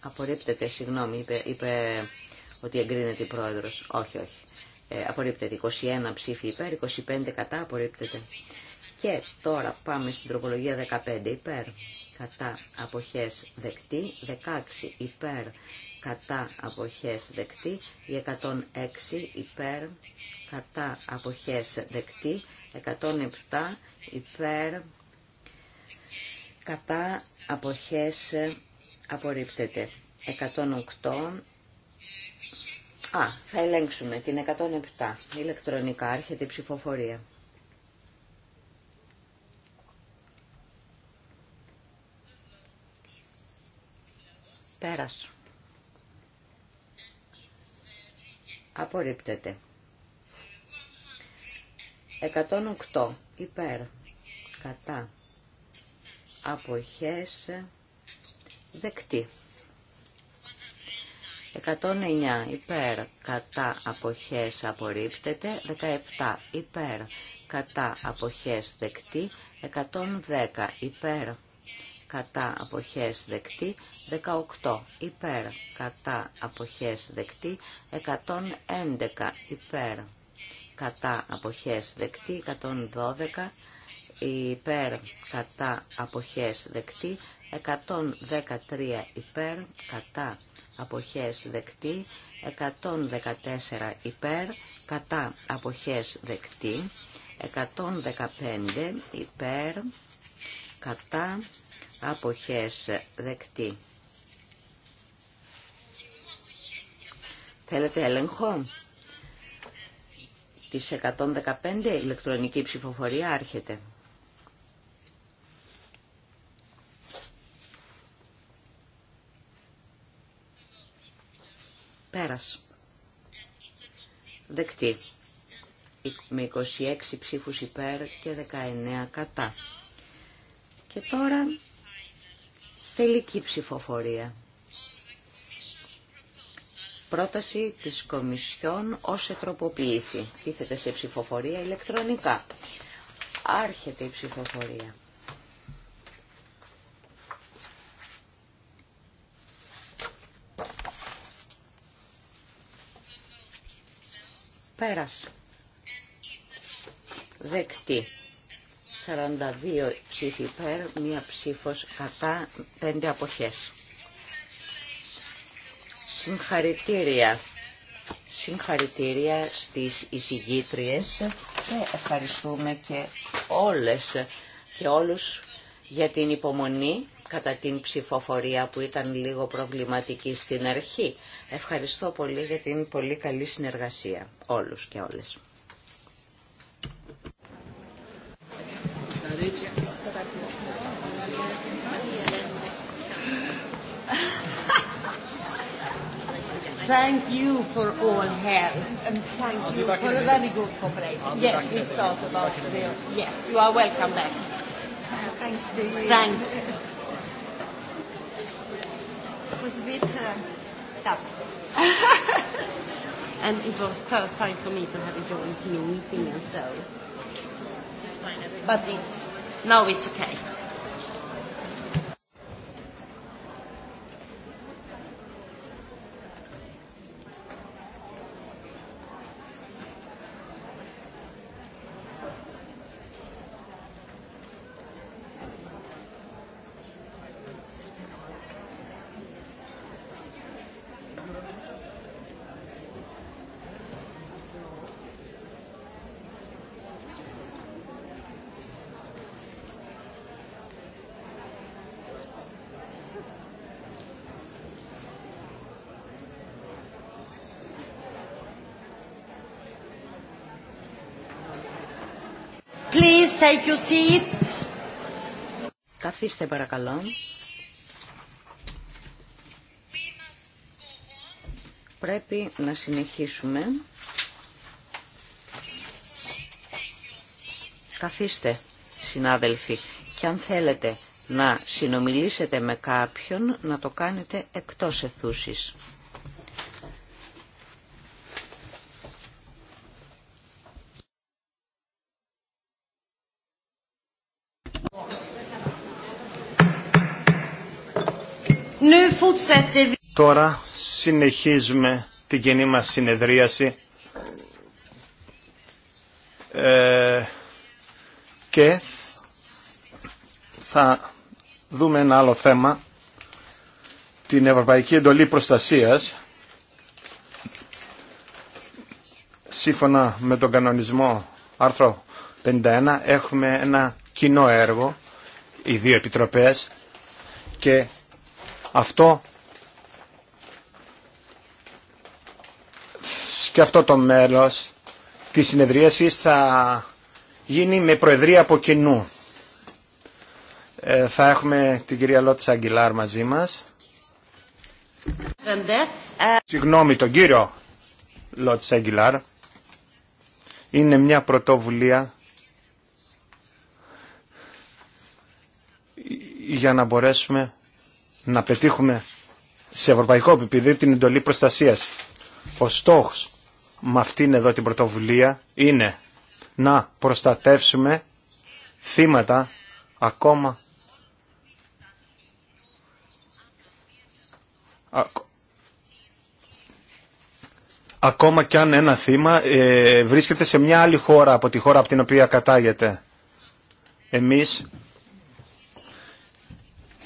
Απορρίπτεται, συγγνώμη, είπε, ότι εγκρίνεται η πρόεδρος. Όχι, όχι. Ε, απορρίπτεται. 21 ψήφοι υπέρ, 25 κατά απορρίπτεται. Και τώρα πάμε στην τροπολογία 15 υπέρ κατά αποχές δεκτή, 16 υπέρ κατά αποχές δεκτή, 106 υπέρ κατά αποχές δεκτή, 107 υπέρ κατά αποχές απορρίπτεται. 108 Α, θα ελέγξουμε την 107 ηλεκτρονικά, έρχεται η ψηφοφορία. Πέρας. Απορρίπτεται. 108 υπέρ. Κατά. Αποχές. Δεκτή. 109 υπέρ κατά αποχές απορρίπτεται, 17 υπέρ κατά αποχές δεκτή, 110 υπέρ κατά αποχές δεκτή, 18 υπέρ κατά αποχές δεκτή, 111 υπέρ κατά αποχές δεκτή, 112 υπέρ κατά αποχές δεκτή, 113 υπέρ κατά αποχές δεκτή, 114 υπέρ κατά αποχές δεκτή, 115 υπέρ κατά αποχές δεκτή. Θέλετε έλεγχο. Τη 115 ηλεκτρονική ψηφοφορία άρχεται. Πέρας. Δεκτή. Με 26 ψήφους υπέρ και 19 κατά. Και τώρα Τελική ψηφοφορία. Πρόταση της Κομισιόν ως ετροποποιήθη. Τίθεται σε ψηφοφορία ηλεκτρονικά. Άρχεται η ψηφοφορία. Πέρας. Δεκτή. 42 ψήφι υπέρ, μία ψήφος κατά, πέντε αποχές. Συγχαρητήρια. Συγχαρητήρια στις εισηγήτριες και ευχαριστούμε και όλες και όλους για την υπομονή κατά την ψηφοφορία που ήταν λίγο προβληματική στην αρχή. Ευχαριστώ πολύ για την πολύ καλή συνεργασία όλους και όλες. Thank you for all help and thank you for a very good cooperation. Yes, we start about yes, you are welcome back. Thanks to Thanks. It was a bit tough. and it was first time for me to have a joint meeting and so. But it's No, it's okay. Καθίστε παρακαλώ. Πρέπει να συνεχίσουμε. Καθίστε, συνάδελφοι, και αν θέλετε να συνομιλήσετε με κάποιον, να το κάνετε εκτός εθούσης. Τώρα συνεχίζουμε την κοινή μας συνεδρίαση ε, και θα δούμε ένα άλλο θέμα, την Ευρωπαϊκή Εντολή Προστασίας. Σύμφωνα με τον κανονισμό άρθρο 51 έχουμε ένα κοινό έργο, οι δύο επιτροπές και αυτό και αυτό το μέλος τη συνεδρίαση θα γίνει με προεδρία από κοινού. Ε, θα έχουμε την κυρία Λότης Αγγιλάρ μαζί μας. Συγγνώμη, τον κύριο Λότης Αγγιλάρ. Είναι μια πρωτοβουλία για να μπορέσουμε να πετύχουμε σε ευρωπαϊκό επίπεδο την εντολή προστασίας. Ο στόχος με αυτήν εδώ την πρωτοβουλία είναι να προστατεύσουμε θύματα ακόμα ακόμα κι αν ένα θύμα ε, βρίσκεται σε μια άλλη χώρα από τη χώρα από την οποία κατάγεται. Εμείς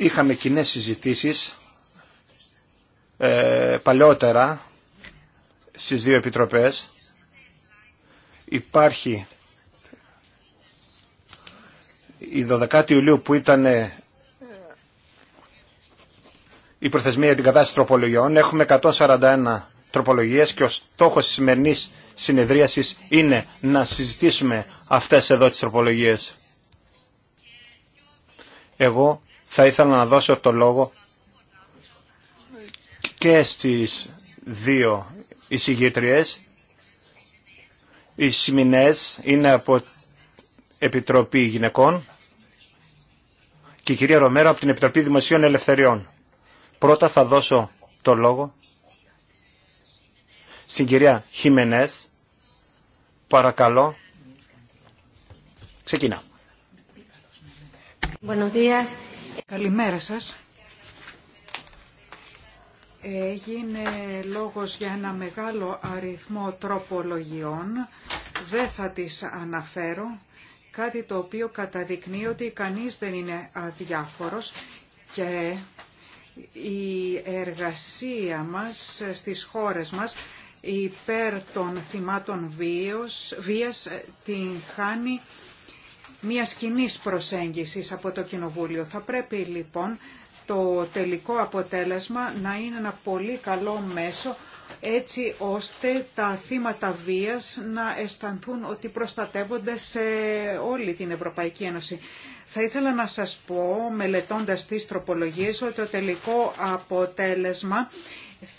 Είχαμε κοινέ συζητήσεις ε, παλαιότερα στις δύο επιτροπές. Υπάρχει η 12η Ιουλίου που ήταν ε, η προθεσμία για την κατάσταση τροπολογιών. Έχουμε 141 τροπολογίες και ο στόχος της σημερινής συνεδρίασης είναι να συζητήσουμε αυτές εδώ τις τροπολογίες. Εγώ θα ήθελα να δώσω το λόγο και στις δύο εισηγήτριες. Οι Σιμινές είναι από Επιτροπή Γυναικών και η κυρία Ρομέρο από την Επιτροπή Δημοσίων Ελευθεριών. Πρώτα θα δώσω το λόγο στην κυρία Χιμενές. Παρακαλώ. Ξεκινά. Buenos días. Καλημέρα σας. Έγινε λόγος για ένα μεγάλο αριθμό τροπολογιών. Δεν θα τις αναφέρω. Κάτι το οποίο καταδεικνύει ότι κανείς δεν είναι αδιάφορος και η εργασία μας στις χώρες μας υπέρ των θυμάτων βίας ε, την χάνει μια κοινή προσέγγισης από το Κοινοβούλιο. Θα πρέπει λοιπόν το τελικό αποτέλεσμα να είναι ένα πολύ καλό μέσο έτσι ώστε τα θύματα βίας να αισθανθούν ότι προστατεύονται σε όλη την Ευρωπαϊκή Ένωση. Θα ήθελα να σας πω, μελετώντας τις τροπολογίες, ότι το τελικό αποτέλεσμα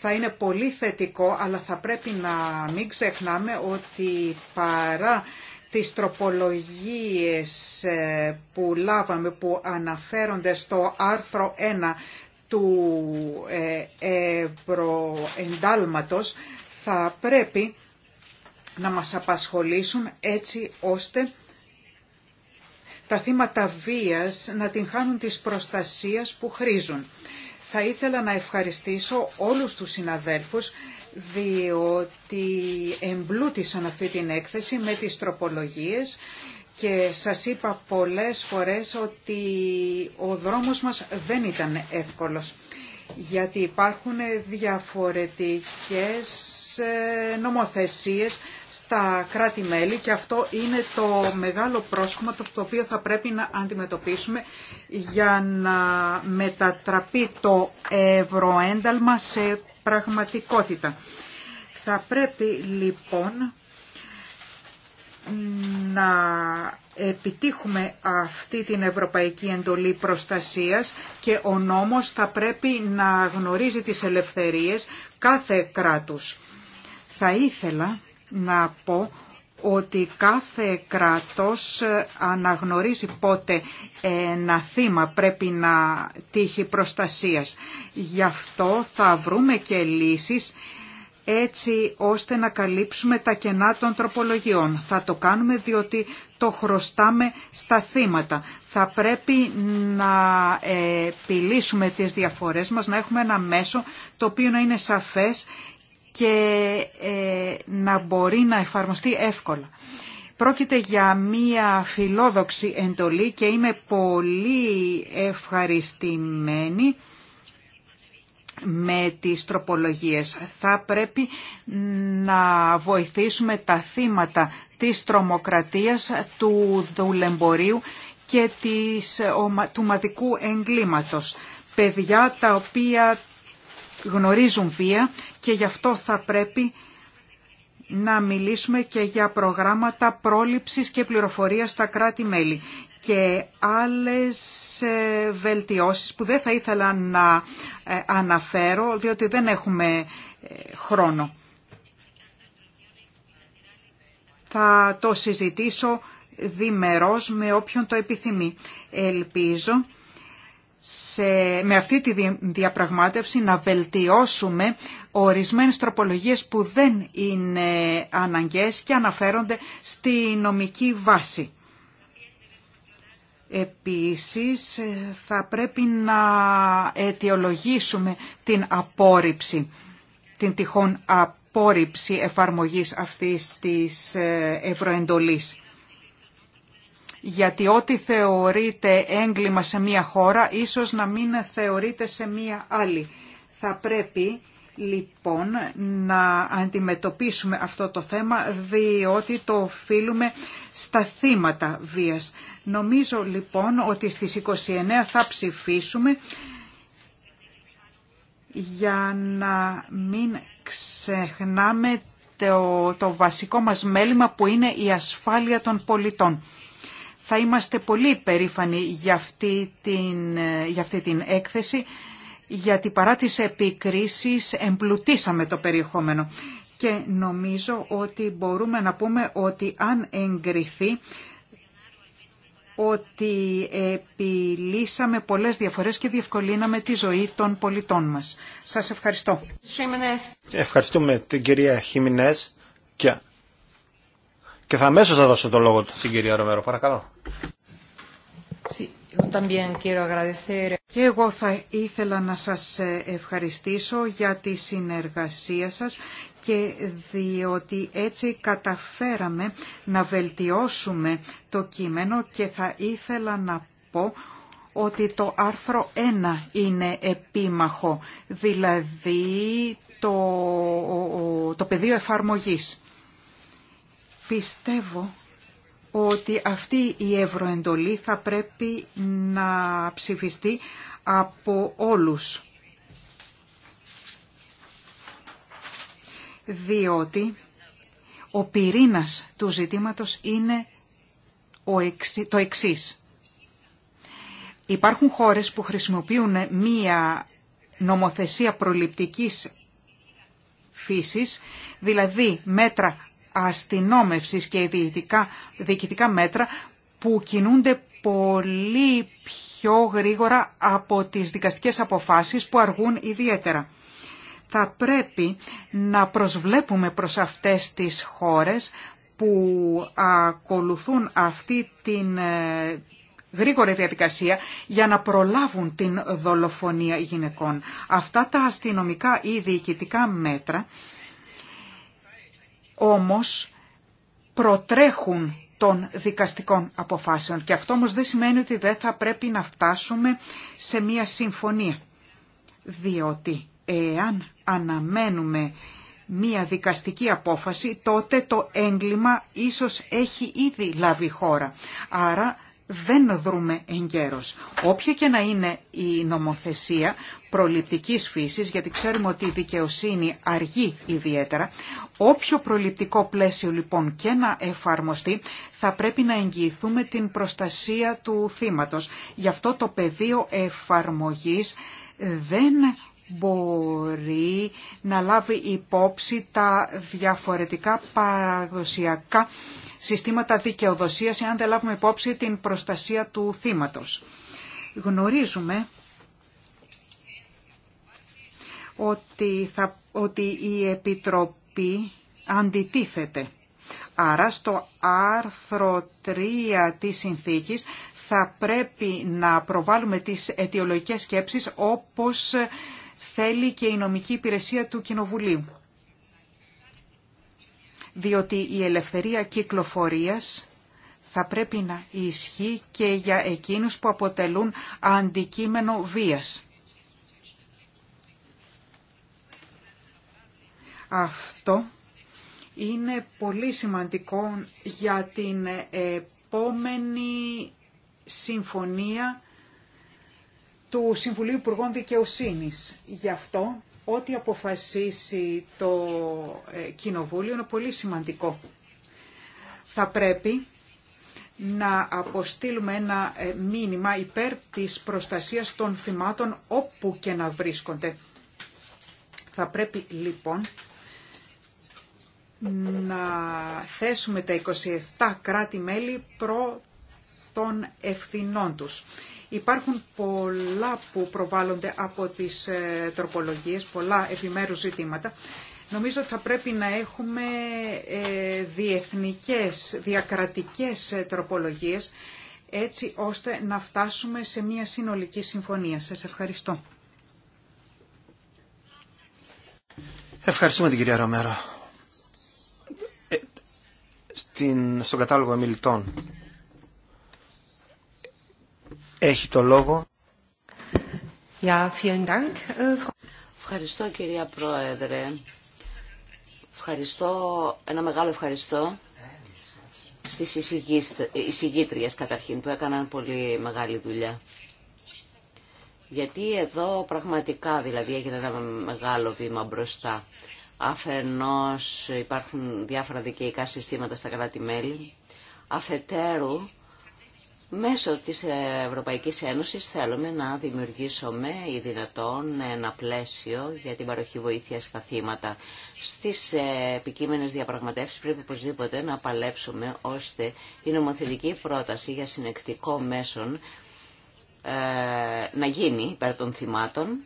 θα είναι πολύ θετικό, αλλά θα πρέπει να μην ξεχνάμε ότι παρά τις τροπολογίες ε, που λάβαμε που αναφέρονται στο άρθρο 1 του ε, Ευρωεντάλματος θα πρέπει να μας απασχολήσουν έτσι ώστε τα θύματα βίας να την χάνουν τις προστασίες που χρήζουν. Θα ήθελα να ευχαριστήσω όλους τους συναδέλφους διότι εμπλούτησαν αυτή την έκθεση με τις τροπολογίες και σας είπα πολλές φορές ότι ο δρόμος μας δεν ήταν εύκολος γιατί υπάρχουν διαφορετικές ε, νομοθεσίες στα κράτη-μέλη και αυτό είναι το μεγάλο πρόσχημα το οποίο θα πρέπει να αντιμετωπίσουμε για να μετατραπεί το ευρωένταλμα σε πραγματικότητα. Θα πρέπει λοιπόν να επιτύχουμε αυτή την Ευρωπαϊκή Εντολή Προστασίας και ο νόμος θα πρέπει να γνωρίζει τις ελευθερίες κάθε κράτους. Θα ήθελα να πω ότι κάθε κράτος αναγνωρίζει πότε ένα θύμα πρέπει να τύχει προστασίας. Γι' αυτό θα βρούμε και λύσεις έτσι ώστε να καλύψουμε τα κενά των τροπολογιών. Θα το κάνουμε διότι το χρωστάμε στα θύματα. Θα πρέπει να πηλήσουμε τις διαφορές μας, να έχουμε ένα μέσο το οποίο να είναι σαφές και ε, να μπορεί να εφαρμοστεί εύκολα. Πρόκειται για μία φιλόδοξη εντολή και είμαι πολύ ευχαριστημένη με τις τροπολογίες. Θα πρέπει να βοηθήσουμε τα θύματα της τρομοκρατίας, του δουλεμπορίου και της, του μαδικού εγκλήματος. Παιδιά τα οποία γνωρίζουν βία και γι' αυτό θα πρέπει να μιλήσουμε και για προγράμματα πρόληψης και πληροφορίας στα κράτη-μέλη και άλλες ε, βελτιώσεις που δεν θα ήθελα να ε, αναφέρω διότι δεν έχουμε ε, χρόνο. Θα το συζητήσω διμερός με όποιον το επιθυμεί. Ελπίζω σε, με αυτή τη διαπραγμάτευση να βελτιώσουμε ορισμένες τροπολογίες που δεν είναι αναγκαίες και αναφέρονται στη νομική βάση. Επίσης ε, θα πρέπει να αιτιολογήσουμε την απόρριψη, την τυχόν απόρριψη εφαρμογής αυτής της ε, ευρωεντολής. Γιατί ό,τι θεωρείται έγκλημα σε μία χώρα, ίσως να μην θεωρείται σε μία άλλη. Θα πρέπει λοιπόν να αντιμετωπίσουμε αυτό το θέμα, διότι το οφείλουμε στα θύματα βίας. Νομίζω λοιπόν ότι στις 29 θα ψηφίσουμε για να μην ξεχνάμε το, το βασικό μας μέλημα που είναι η ασφάλεια των πολιτών. Θα είμαστε πολύ περήφανοι για αυτή την, για αυτή την έκθεση γιατί παρά τις επικρίσεις εμπλουτίσαμε το περιεχόμενο και νομίζω ότι μπορούμε να πούμε ότι αν εγκριθεί ότι επιλύσαμε πολλές διαφορές και διευκολύναμε τη ζωή των πολιτών μας. Σας ευχαριστώ. Ευχαριστούμε την κυρία Χιμινές και, θα αμέσως θα δώσω το λόγο στην κυρία Ρομέρο. Παρακαλώ. Και εγώ θα ήθελα να σας ευχαριστήσω για τη συνεργασία σας και διότι έτσι καταφέραμε να βελτιώσουμε το κείμενο και θα ήθελα να πω ότι το άρθρο 1 είναι επίμαχο, δηλαδή το, το πεδίο εφαρμογής. Πιστεύω ότι αυτή η ευρωεντολή θα πρέπει να ψηφιστεί από όλους διότι ο πυρήνας του ζητήματος είναι το εξής. Υπάρχουν χώρες που χρησιμοποιούν μία νομοθεσία προληπτικής φύσης, δηλαδή μέτρα αστυνόμευσης και διοικητικά, μέτρα που κινούνται πολύ πιο γρήγορα από τις δικαστικές αποφάσεις που αργούν ιδιαίτερα θα πρέπει να προσβλέπουμε προς αυτές τις χώρες που ακολουθούν αυτή την ε, γρήγορη διαδικασία για να προλάβουν την δολοφονία γυναικών. Αυτά τα αστυνομικά ή διοικητικά μέτρα όμως προτρέχουν των δικαστικών αποφάσεων και αυτό όμως δεν σημαίνει ότι δεν θα πρέπει να φτάσουμε σε μία συμφωνία. Διότι εάν αναμένουμε μία δικαστική απόφαση, τότε το έγκλημα ίσως έχει ήδη λάβει χώρα. Άρα δεν δρούμε εγκαίρως. Όποια και να είναι η νομοθεσία προληπτικής φύσης, γιατί ξέρουμε ότι η δικαιοσύνη αργεί ιδιαίτερα, όποιο προληπτικό πλαίσιο λοιπόν και να εφαρμοστεί, θα πρέπει να εγγυηθούμε την προστασία του θύματος. Γι' αυτό το πεδίο εφαρμογής δεν μπορεί να λάβει υπόψη τα διαφορετικά παραδοσιακά συστήματα δικαιοδοσίας εάν δεν λάβουμε υπόψη την προστασία του θύματος. Γνωρίζουμε ότι, θα, ότι η Επιτροπή αντιτίθεται. Άρα στο άρθρο 3 της συνθήκης θα πρέπει να προβάλλουμε τις αιτιολογικές σκέψεις όπως θέλει και η νομική υπηρεσία του Κοινοβουλίου. Διότι η ελευθερία κυκλοφορίας θα πρέπει να ισχύει και για εκείνους που αποτελούν αντικείμενο βίας. Αυτό είναι πολύ σημαντικό για την επόμενη συμφωνία του Συμβουλίου Υπουργών Δικαιοσύνης. Γι' αυτό ό,τι αποφασίσει το ε, Κοινοβούλιο είναι πολύ σημαντικό. Θα πρέπει να αποστείλουμε ένα ε, μήνυμα υπέρ της προστασίας των θυμάτων όπου και να βρίσκονται. Θα πρέπει λοιπόν να θέσουμε τα 27 κράτη-μέλη προ των ευθυνών τους. Υπάρχουν πολλά που προβάλλονται από τις ε, τροπολογίες, πολλά επιμέρους ζητήματα. Νομίζω ότι θα πρέπει να έχουμε ε, διεθνικές, διακρατικές ε, τροπολογίες, έτσι ώστε να φτάσουμε σε μια συνολική συμφωνία. Σας ευχαριστώ. Ευχαριστούμε την κυρία Ρομέρα. στην, στον κατάλογο εμιλητών έχει το λόγο. Ja, vielen äh, Ευχαριστώ κυρία Πρόεδρε. Ευχαριστώ, ένα μεγάλο ευχαριστώ στις εισηγήτριες καταρχήν που έκαναν πολύ μεγάλη δουλειά. Γιατί εδώ πραγματικά δηλαδή έγινε ένα μεγάλο βήμα μπροστά. Αφενός υπάρχουν διάφορα δικαιικά συστήματα στα κράτη-μέλη. Αφετέρου Μέσω της Ευρωπαϊκής Ένωσης θέλουμε να δημιουργήσουμε ή δυνατόν ένα πλαίσιο για την παροχή βοήθεια στα θύματα. Στις επικείμενες διαπραγματεύσεις πρέπει οπωσδήποτε να παλέψουμε ώστε η νομοθετική πρόταση για συνεκτικό μέσον ε, να γίνει υπέρ των θυμάτων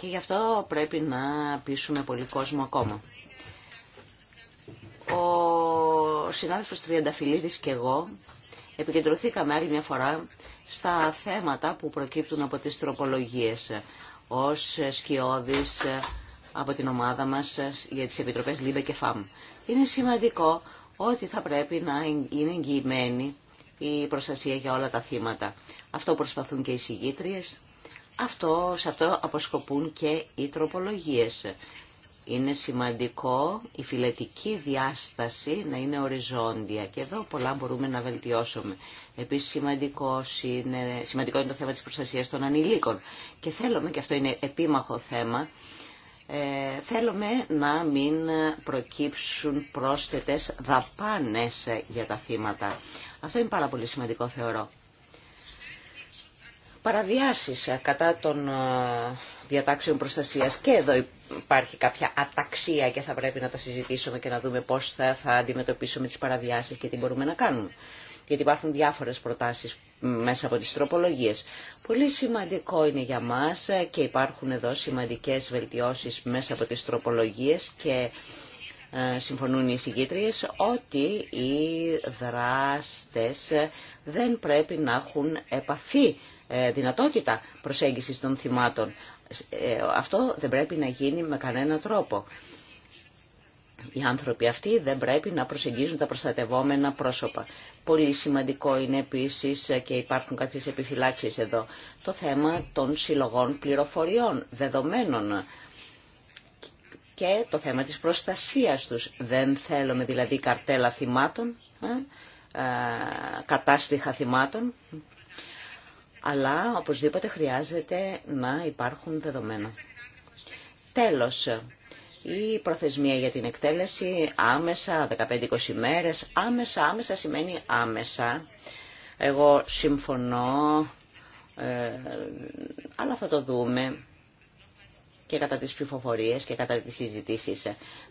και γι' αυτό πρέπει να πείσουμε πολύ κόσμο ακόμα. Ο συνάδελφος Τριανταφυλλίδης και εγώ επικεντρωθήκαμε άλλη μια φορά στα θέματα που προκύπτουν από τις τροπολογίες ως σκιώδης από την ομάδα μας για τις Επιτροπές ΛΥΜΠΕ και ΦΑΜ. Είναι σημαντικό ότι θα πρέπει να είναι εγγυημένη η προστασία για όλα τα θύματα. Αυτό προσπαθούν και οι συγγήτριες, αυτό, σε αυτό αποσκοπούν και οι τροπολογίες είναι σημαντικό η φυλετική διάσταση να είναι οριζόντια και εδώ πολλά μπορούμε να βελτιώσουμε. Επίσης σημαντικό είναι, το θέμα της προστασίας των ανηλίκων και θέλουμε, και αυτό είναι επίμαχο θέμα, ε, θέλουμε να μην προκύψουν πρόσθετες δαπάνες για τα θύματα. Αυτό είναι πάρα πολύ σημαντικό θεωρώ. Παραδιάσεις κατά των διατάξεων προστασίας και εδώ υπάρχει κάποια αταξία και θα πρέπει να τα συζητήσουμε και να δούμε πώς θα, θα αντιμετωπίσουμε τις παραβιάσεις και τι μπορούμε να κάνουμε. Γιατί υπάρχουν διάφορες προτάσεις μέσα από τις τροπολογίες. Πολύ σημαντικό είναι για μας και υπάρχουν εδώ σημαντικές βελτιώσεις μέσα από τις τροπολογίες και ε, συμφωνούν οι συγκήτριες ότι οι δράστες δεν πρέπει να έχουν επαφή, ε, δυνατότητα προσέγγισης των θυμάτων. Ε, αυτό δεν πρέπει να γίνει με κανένα τρόπο. Οι άνθρωποι αυτοί δεν πρέπει να προσεγγίζουν τα προστατευόμενα πρόσωπα. Πολύ σημαντικό είναι επίσης και υπάρχουν κάποιες επιφυλάξεις εδώ το θέμα των συλλογών πληροφοριών, δεδομένων και το θέμα της προστασίας τους. Δεν θέλουμε δηλαδή καρτέλα θυμάτων, ε, ε, κατάστοιχα θυμάτων αλλά οπωσδήποτε χρειάζεται να υπάρχουν δεδομένα. Τέλος, η προθεσμία για την εκτέλεση άμεσα, 15-20 μέρες, άμεσα, άμεσα σημαίνει άμεσα. Εγώ συμφωνώ, ε, αλλά θα το δούμε και κατά τις ψηφοφορίε και κατά τις συζητήσεις.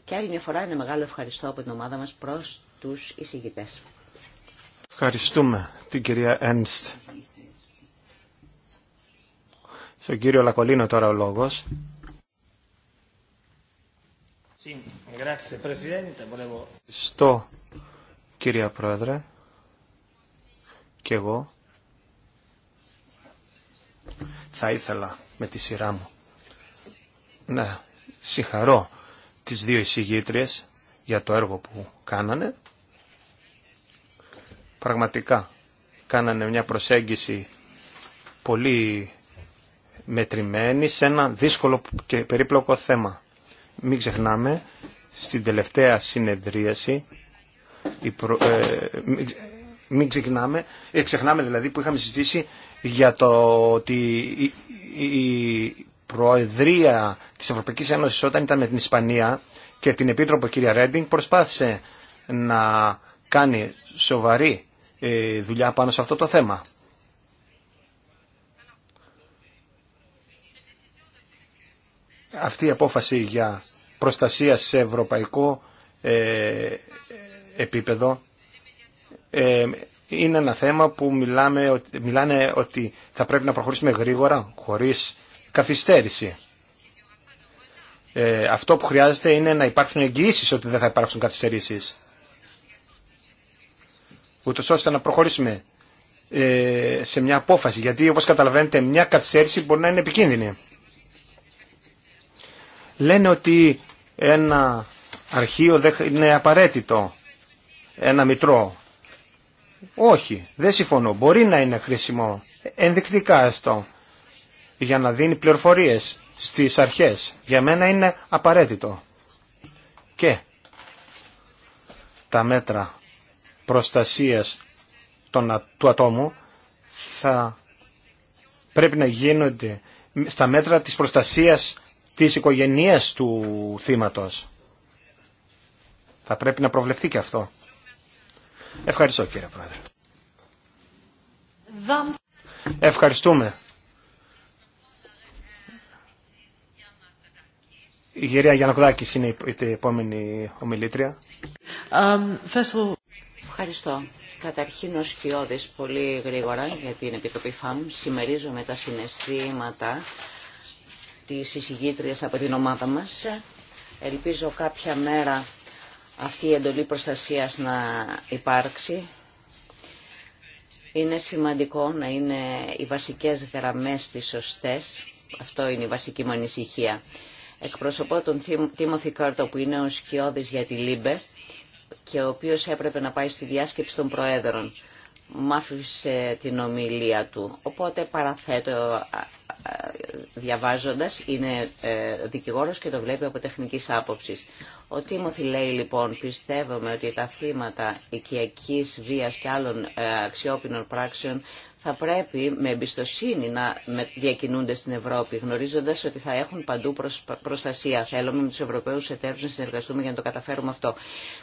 Και άλλη μια φορά ένα μεγάλο ευχαριστώ από την ομάδα μας προς τους εισηγητές. Ευχαριστούμε την κυρία Ένστ. Στον κύριο Λακολίνο τώρα ο λόγος. Στο κύριε Πρόεδρε και εγώ θα ήθελα με τη σειρά μου να συγχαρώ τις δύο εισηγήτριες για το έργο που κάνανε. Πραγματικά κάνανε μια προσέγγιση πολύ μετρημένη σε ένα δύσκολο και περίπλοκο θέμα. Μην ξεχνάμε, στην τελευταία συνεδρίαση, η ε, μην ξεχνάμε, ε, ξεχνάμε δηλαδή που είχαμε συζητήσει για το ότι η, Προεδρία της Ευρωπαϊκής Ένωσης όταν ήταν με την Ισπανία και την Επίτροπο κυρία Ρέντινγκ προσπάθησε να κάνει σοβαρή ε, δουλειά πάνω σε αυτό το θέμα. αυτή η απόφαση για προστασία σε ευρωπαϊκό ε, επίπεδο ε, είναι ένα θέμα που μιλάμε, μιλάνε ότι θα πρέπει να προχωρήσουμε γρήγορα, χωρίς καθυστέρηση. Ε, αυτό που χρειάζεται είναι να υπάρξουν εγγυήσεις ότι δεν θα υπάρξουν καθυστερήσεις. Ούτως ώστε να προχωρήσουμε ε, σε μια απόφαση. Γιατί όπως καταλαβαίνετε μια καθυστέρηση μπορεί να είναι επικίνδυνη λένε ότι ένα αρχείο είναι απαραίτητο, ένα μητρό. Όχι, δεν συμφωνώ. Μπορεί να είναι χρήσιμο, ενδεικτικά έστω, για να δίνει πληροφορίες στις αρχές. Για μένα είναι απαραίτητο. Και τα μέτρα προστασίας του ατόμου θα πρέπει να γίνονται στα μέτρα της προστασίας της οικογενείας του θύματος. Θα πρέπει να προβλεφθεί και αυτό. Ευχαριστώ κύριε Πρόεδρε. Ευχαριστούμε. Η κυρία Γιανακουδάκη είναι η επόμενη ομιλήτρια. Um, Ευχαριστώ. Καταρχήν ο Σκιώδης πολύ γρήγορα για την Επιτροπή ΦΑΜ. Συμμερίζομαι τα συναισθήματα της εισηγήτριας από την ομάδα μας. Ελπίζω κάποια μέρα αυτή η εντολή προστασίας να υπάρξει. Είναι σημαντικό να είναι οι βασικές γραμμές τις σωστές. Αυτό είναι η βασική μου ανησυχία. Εκπροσωπώ τον Τίμωθη Κάρτο που είναι ο σκιώδης για τη Λίμπε και ο οποίος έπρεπε να πάει στη διάσκεψη των Προέδρων μ' άφησε την ομιλία του. Οπότε παραθέτω διαβάζοντας, είναι ε, δικηγόρος και το βλέπει από τεχνικής άποψης. Ο Τίμωθη λέει λοιπόν, πιστεύουμε ότι τα θύματα οικιακής βίας και άλλων ε, αξιόπινων πράξεων θα πρέπει με εμπιστοσύνη να διακινούνται στην Ευρώπη, γνωρίζοντας ότι θα έχουν παντού προστασία. Θέλουμε με τους Ευρωπαίους εταίρους να συνεργαστούμε για να το καταφέρουμε αυτό.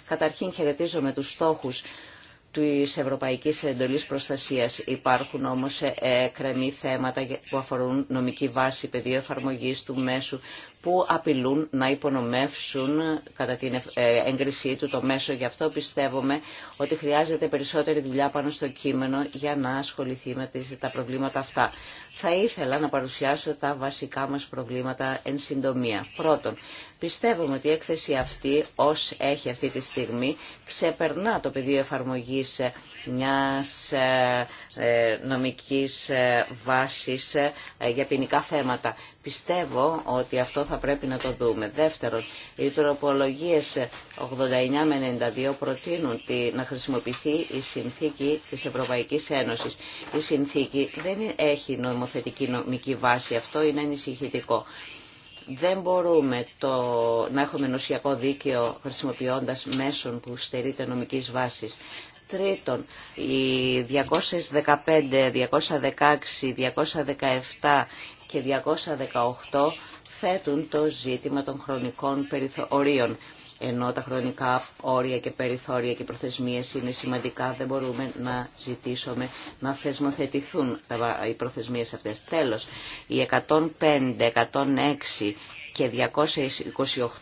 Καταρχήν χαιρετίζομαι τους στόχους της Ευρωπαϊκής Εντολής Προστασίας. Υπάρχουν όμως κρεμή θέματα που αφορούν νομική βάση, πεδίο εφαρμογής του μέσου, που απειλούν να υπονομεύσουν κατά την ε, έγκρισή του το μέσο. Γι' αυτό πιστεύουμε ότι χρειάζεται περισσότερη δουλειά πάνω στο κείμενο για να ασχοληθεί με τα προβλήματα αυτά. Θα ήθελα να παρουσιάσω τα βασικά μας προβλήματα εν συντομία. Πρώτον, Πιστεύουμε ότι η έκθεση αυτή, ως έχει αυτή τη στιγμή, ξεπερνά το πεδίο εφαρμογής μιας ε, ε, νομικής ε, βάσης για ποινικά θέματα. Πιστεύω ότι αυτό θα πρέπει να το δούμε. Δεύτερον, οι τροπολογίες 89 με 92 προτείνουν να χρησιμοποιηθεί η συνθήκη της Ευρωπαϊκής Ένωσης. Η συνθήκη δεν έχει νομοθετική νομική βάση. Αυτό είναι ανησυχητικό δεν μπορούμε το, να έχουμε νοσιακό δίκαιο χρησιμοποιώντας μέσων που στερείται νομικής βάσης. Τρίτον, οι 215, 216, 217 και 218 θέτουν το ζήτημα των χρονικών περιθωρίων ενώ τα χρονικά όρια και περιθώρια και προθεσμίες είναι σημαντικά, δεν μπορούμε να ζητήσουμε να θεσμοθετηθούν οι προθεσμίες αυτές. Τέλος, οι 105, 106 και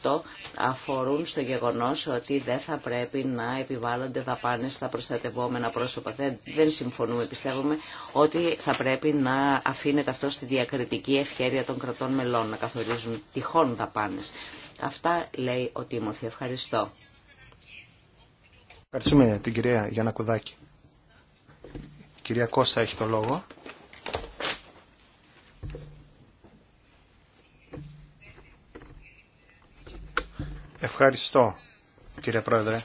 228 αφορούν στο γεγονός ότι δεν θα πρέπει να επιβάλλονται δαπάνες στα προστατευόμενα πρόσωπα. Δεν, δεν συμφωνούμε, πιστεύουμε, ότι θα πρέπει να αφήνεται αυτό στη διακριτική ευχέρεια των κρατών μελών, να καθορίζουν τυχόν δαπάνες. Αυτά λέει ο Τίμωθη. Ευχαριστώ. Ευχαριστούμε την κυρία Γιάννα Κουδάκη. Η κυρία Κώστα έχει το λόγο. Ευχαριστώ κύριε Πρόεδρε.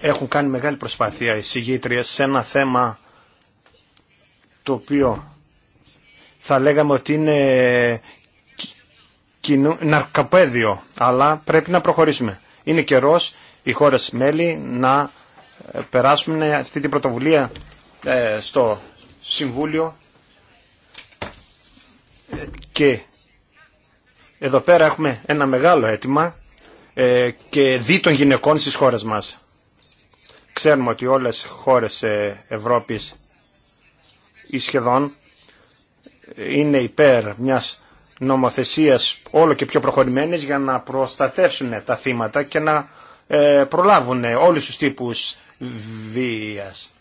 Έχουν κάνει μεγάλη προσπάθεια οι συγγήτριες σε ένα θέμα το οποίο θα λέγαμε ότι είναι ναρκαπέδιο, αλλά πρέπει να προχωρήσουμε. Είναι καιρός οι χώρες μέλη να ε, περάσουν αυτή την πρωτοβουλία ε, στο Συμβούλιο και εδώ πέρα έχουμε ένα μεγάλο αίτημα ε, και δι των γυναικών στις χώρες μας. Ξέρουμε ότι όλες οι χώρες Ευρώπης ή σχεδόν είναι υπέρ μιας νομοθεσίας όλο και πιο προχωρημένες για να προστατεύσουν τα θύματα και να ε, προλάβουν όλους τους τύπους βίας.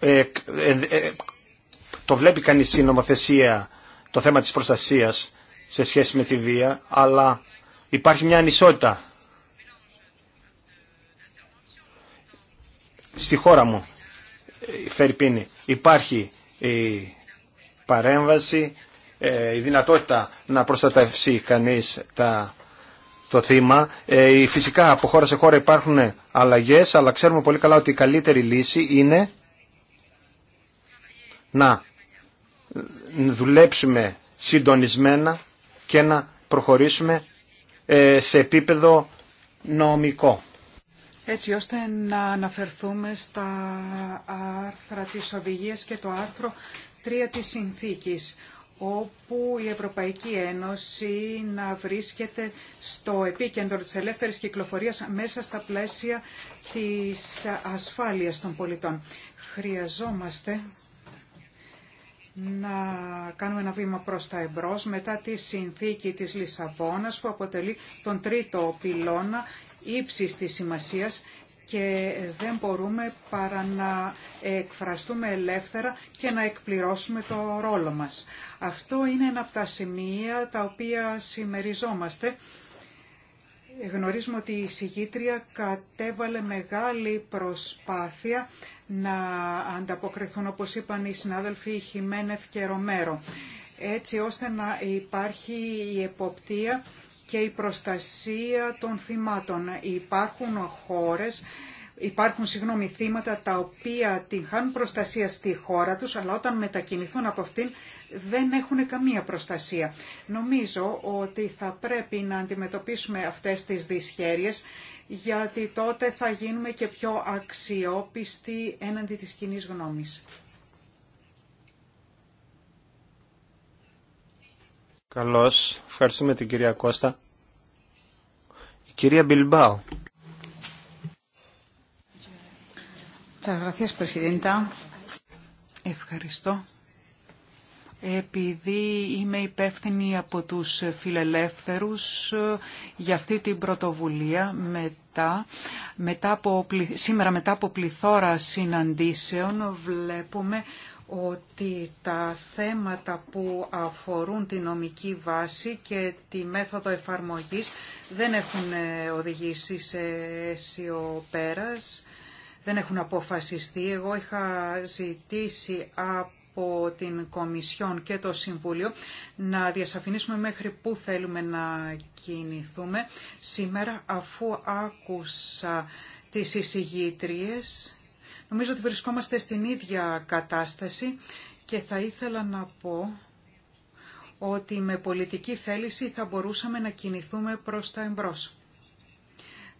Ε, ε, το βλέπει κανείς η νομοθεσία το θέμα της προστασίας σε σχέση με τη βία, αλλά υπάρχει μια ανισότητα στη χώρα μου. Φερπίνη. Υπάρχει η παρέμβαση, ε, η δυνατότητα να προστατεύσει κανείς τα, το θύμα. Ε, φυσικά από χώρα σε χώρα υπάρχουν αλλαγές, αλλά ξέρουμε πολύ καλά ότι η καλύτερη λύση είναι να δουλέψουμε συντονισμένα και να προχωρήσουμε ε, σε επίπεδο νομικό έτσι ώστε να αναφερθούμε στα άρθρα της οδηγίας και το άρθρο 3 της συνθήκης όπου η Ευρωπαϊκή Ένωση να βρίσκεται στο επίκεντρο της ελεύθερης κυκλοφορίας μέσα στα πλαίσια της ασφάλειας των πολιτών. Χρειαζόμαστε να κάνουμε ένα βήμα προς τα εμπρός μετά τη συνθήκη της Λισαβόνας που αποτελεί τον τρίτο πυλώνα ύψης της σημασίας και δεν μπορούμε παρά να εκφραστούμε ελεύθερα και να εκπληρώσουμε το ρόλο μας. Αυτό είναι ένα από τα σημεία τα οποία συμμεριζόμαστε. Γνωρίζουμε ότι η συγγήτρια κατέβαλε μεγάλη προσπάθεια να ανταποκριθούν, όπως είπαν οι συνάδελφοι Χιμένεθ και Ρομέρο, έτσι ώστε να υπάρχει η εποπτεία και η προστασία των θυμάτων. Υπάρχουν χώρες, υπάρχουν συγγνώμη, θύματα τα οποία την χάνουν προστασία στη χώρα τους, αλλά όταν μετακινηθούν από αυτήν δεν έχουν καμία προστασία. Νομίζω ότι θα πρέπει να αντιμετωπίσουμε αυτές τις δυσχέρειες, γιατί τότε θα γίνουμε και πιο αξιόπιστοι έναντι της κοινή γνώμης. Καλώς. Ευχαριστούμε την κυρία Κώστα. Η κυρία Μπιλμπάου. Ευχαριστώ. Επειδή είμαι υπεύθυνη από τους φιλελεύθερους για αυτή την πρωτοβουλία μετά, μετά από, σήμερα μετά από πληθώρα συναντήσεων βλέπουμε ότι τα θέματα που αφορούν τη νομική βάση και τη μέθοδο εφαρμογής δεν έχουν ε, οδηγήσει σε αίσιο πέρας, δεν έχουν αποφασιστεί. Εγώ είχα ζητήσει από την Κομισιόν και το Συμβούλιο να διασαφηνίσουμε μέχρι πού θέλουμε να κινηθούμε. Σήμερα αφού άκουσα τις εισηγήτριες Νομίζω ότι βρισκόμαστε στην ίδια κατάσταση και θα ήθελα να πω ότι με πολιτική θέληση θα μπορούσαμε να κινηθούμε προς τα εμπρός.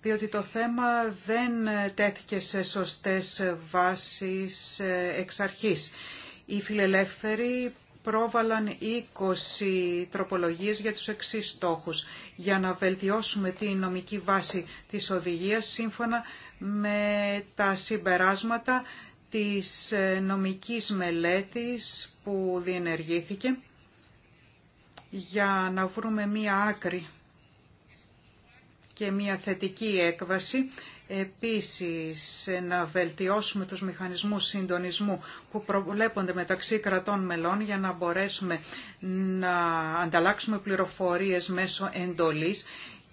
Διότι το θέμα δεν τέθηκε σε σωστές βάσεις ε, εξ αρχής. Οι πρόβαλαν 20 τροπολογίες για τους εξής στόχους. Για να βελτιώσουμε τη νομική βάση της οδηγίας σύμφωνα με τα συμπεράσματα της ε, νομικής μελέτης που διενεργήθηκε για να βρούμε μία άκρη και μία θετική έκβαση Επίσης, να βελτιώσουμε τους μηχανισμούς συντονισμού που προβλέπονται μεταξύ κρατών μελών για να μπορέσουμε να ανταλλάξουμε πληροφορίες μέσω εντολής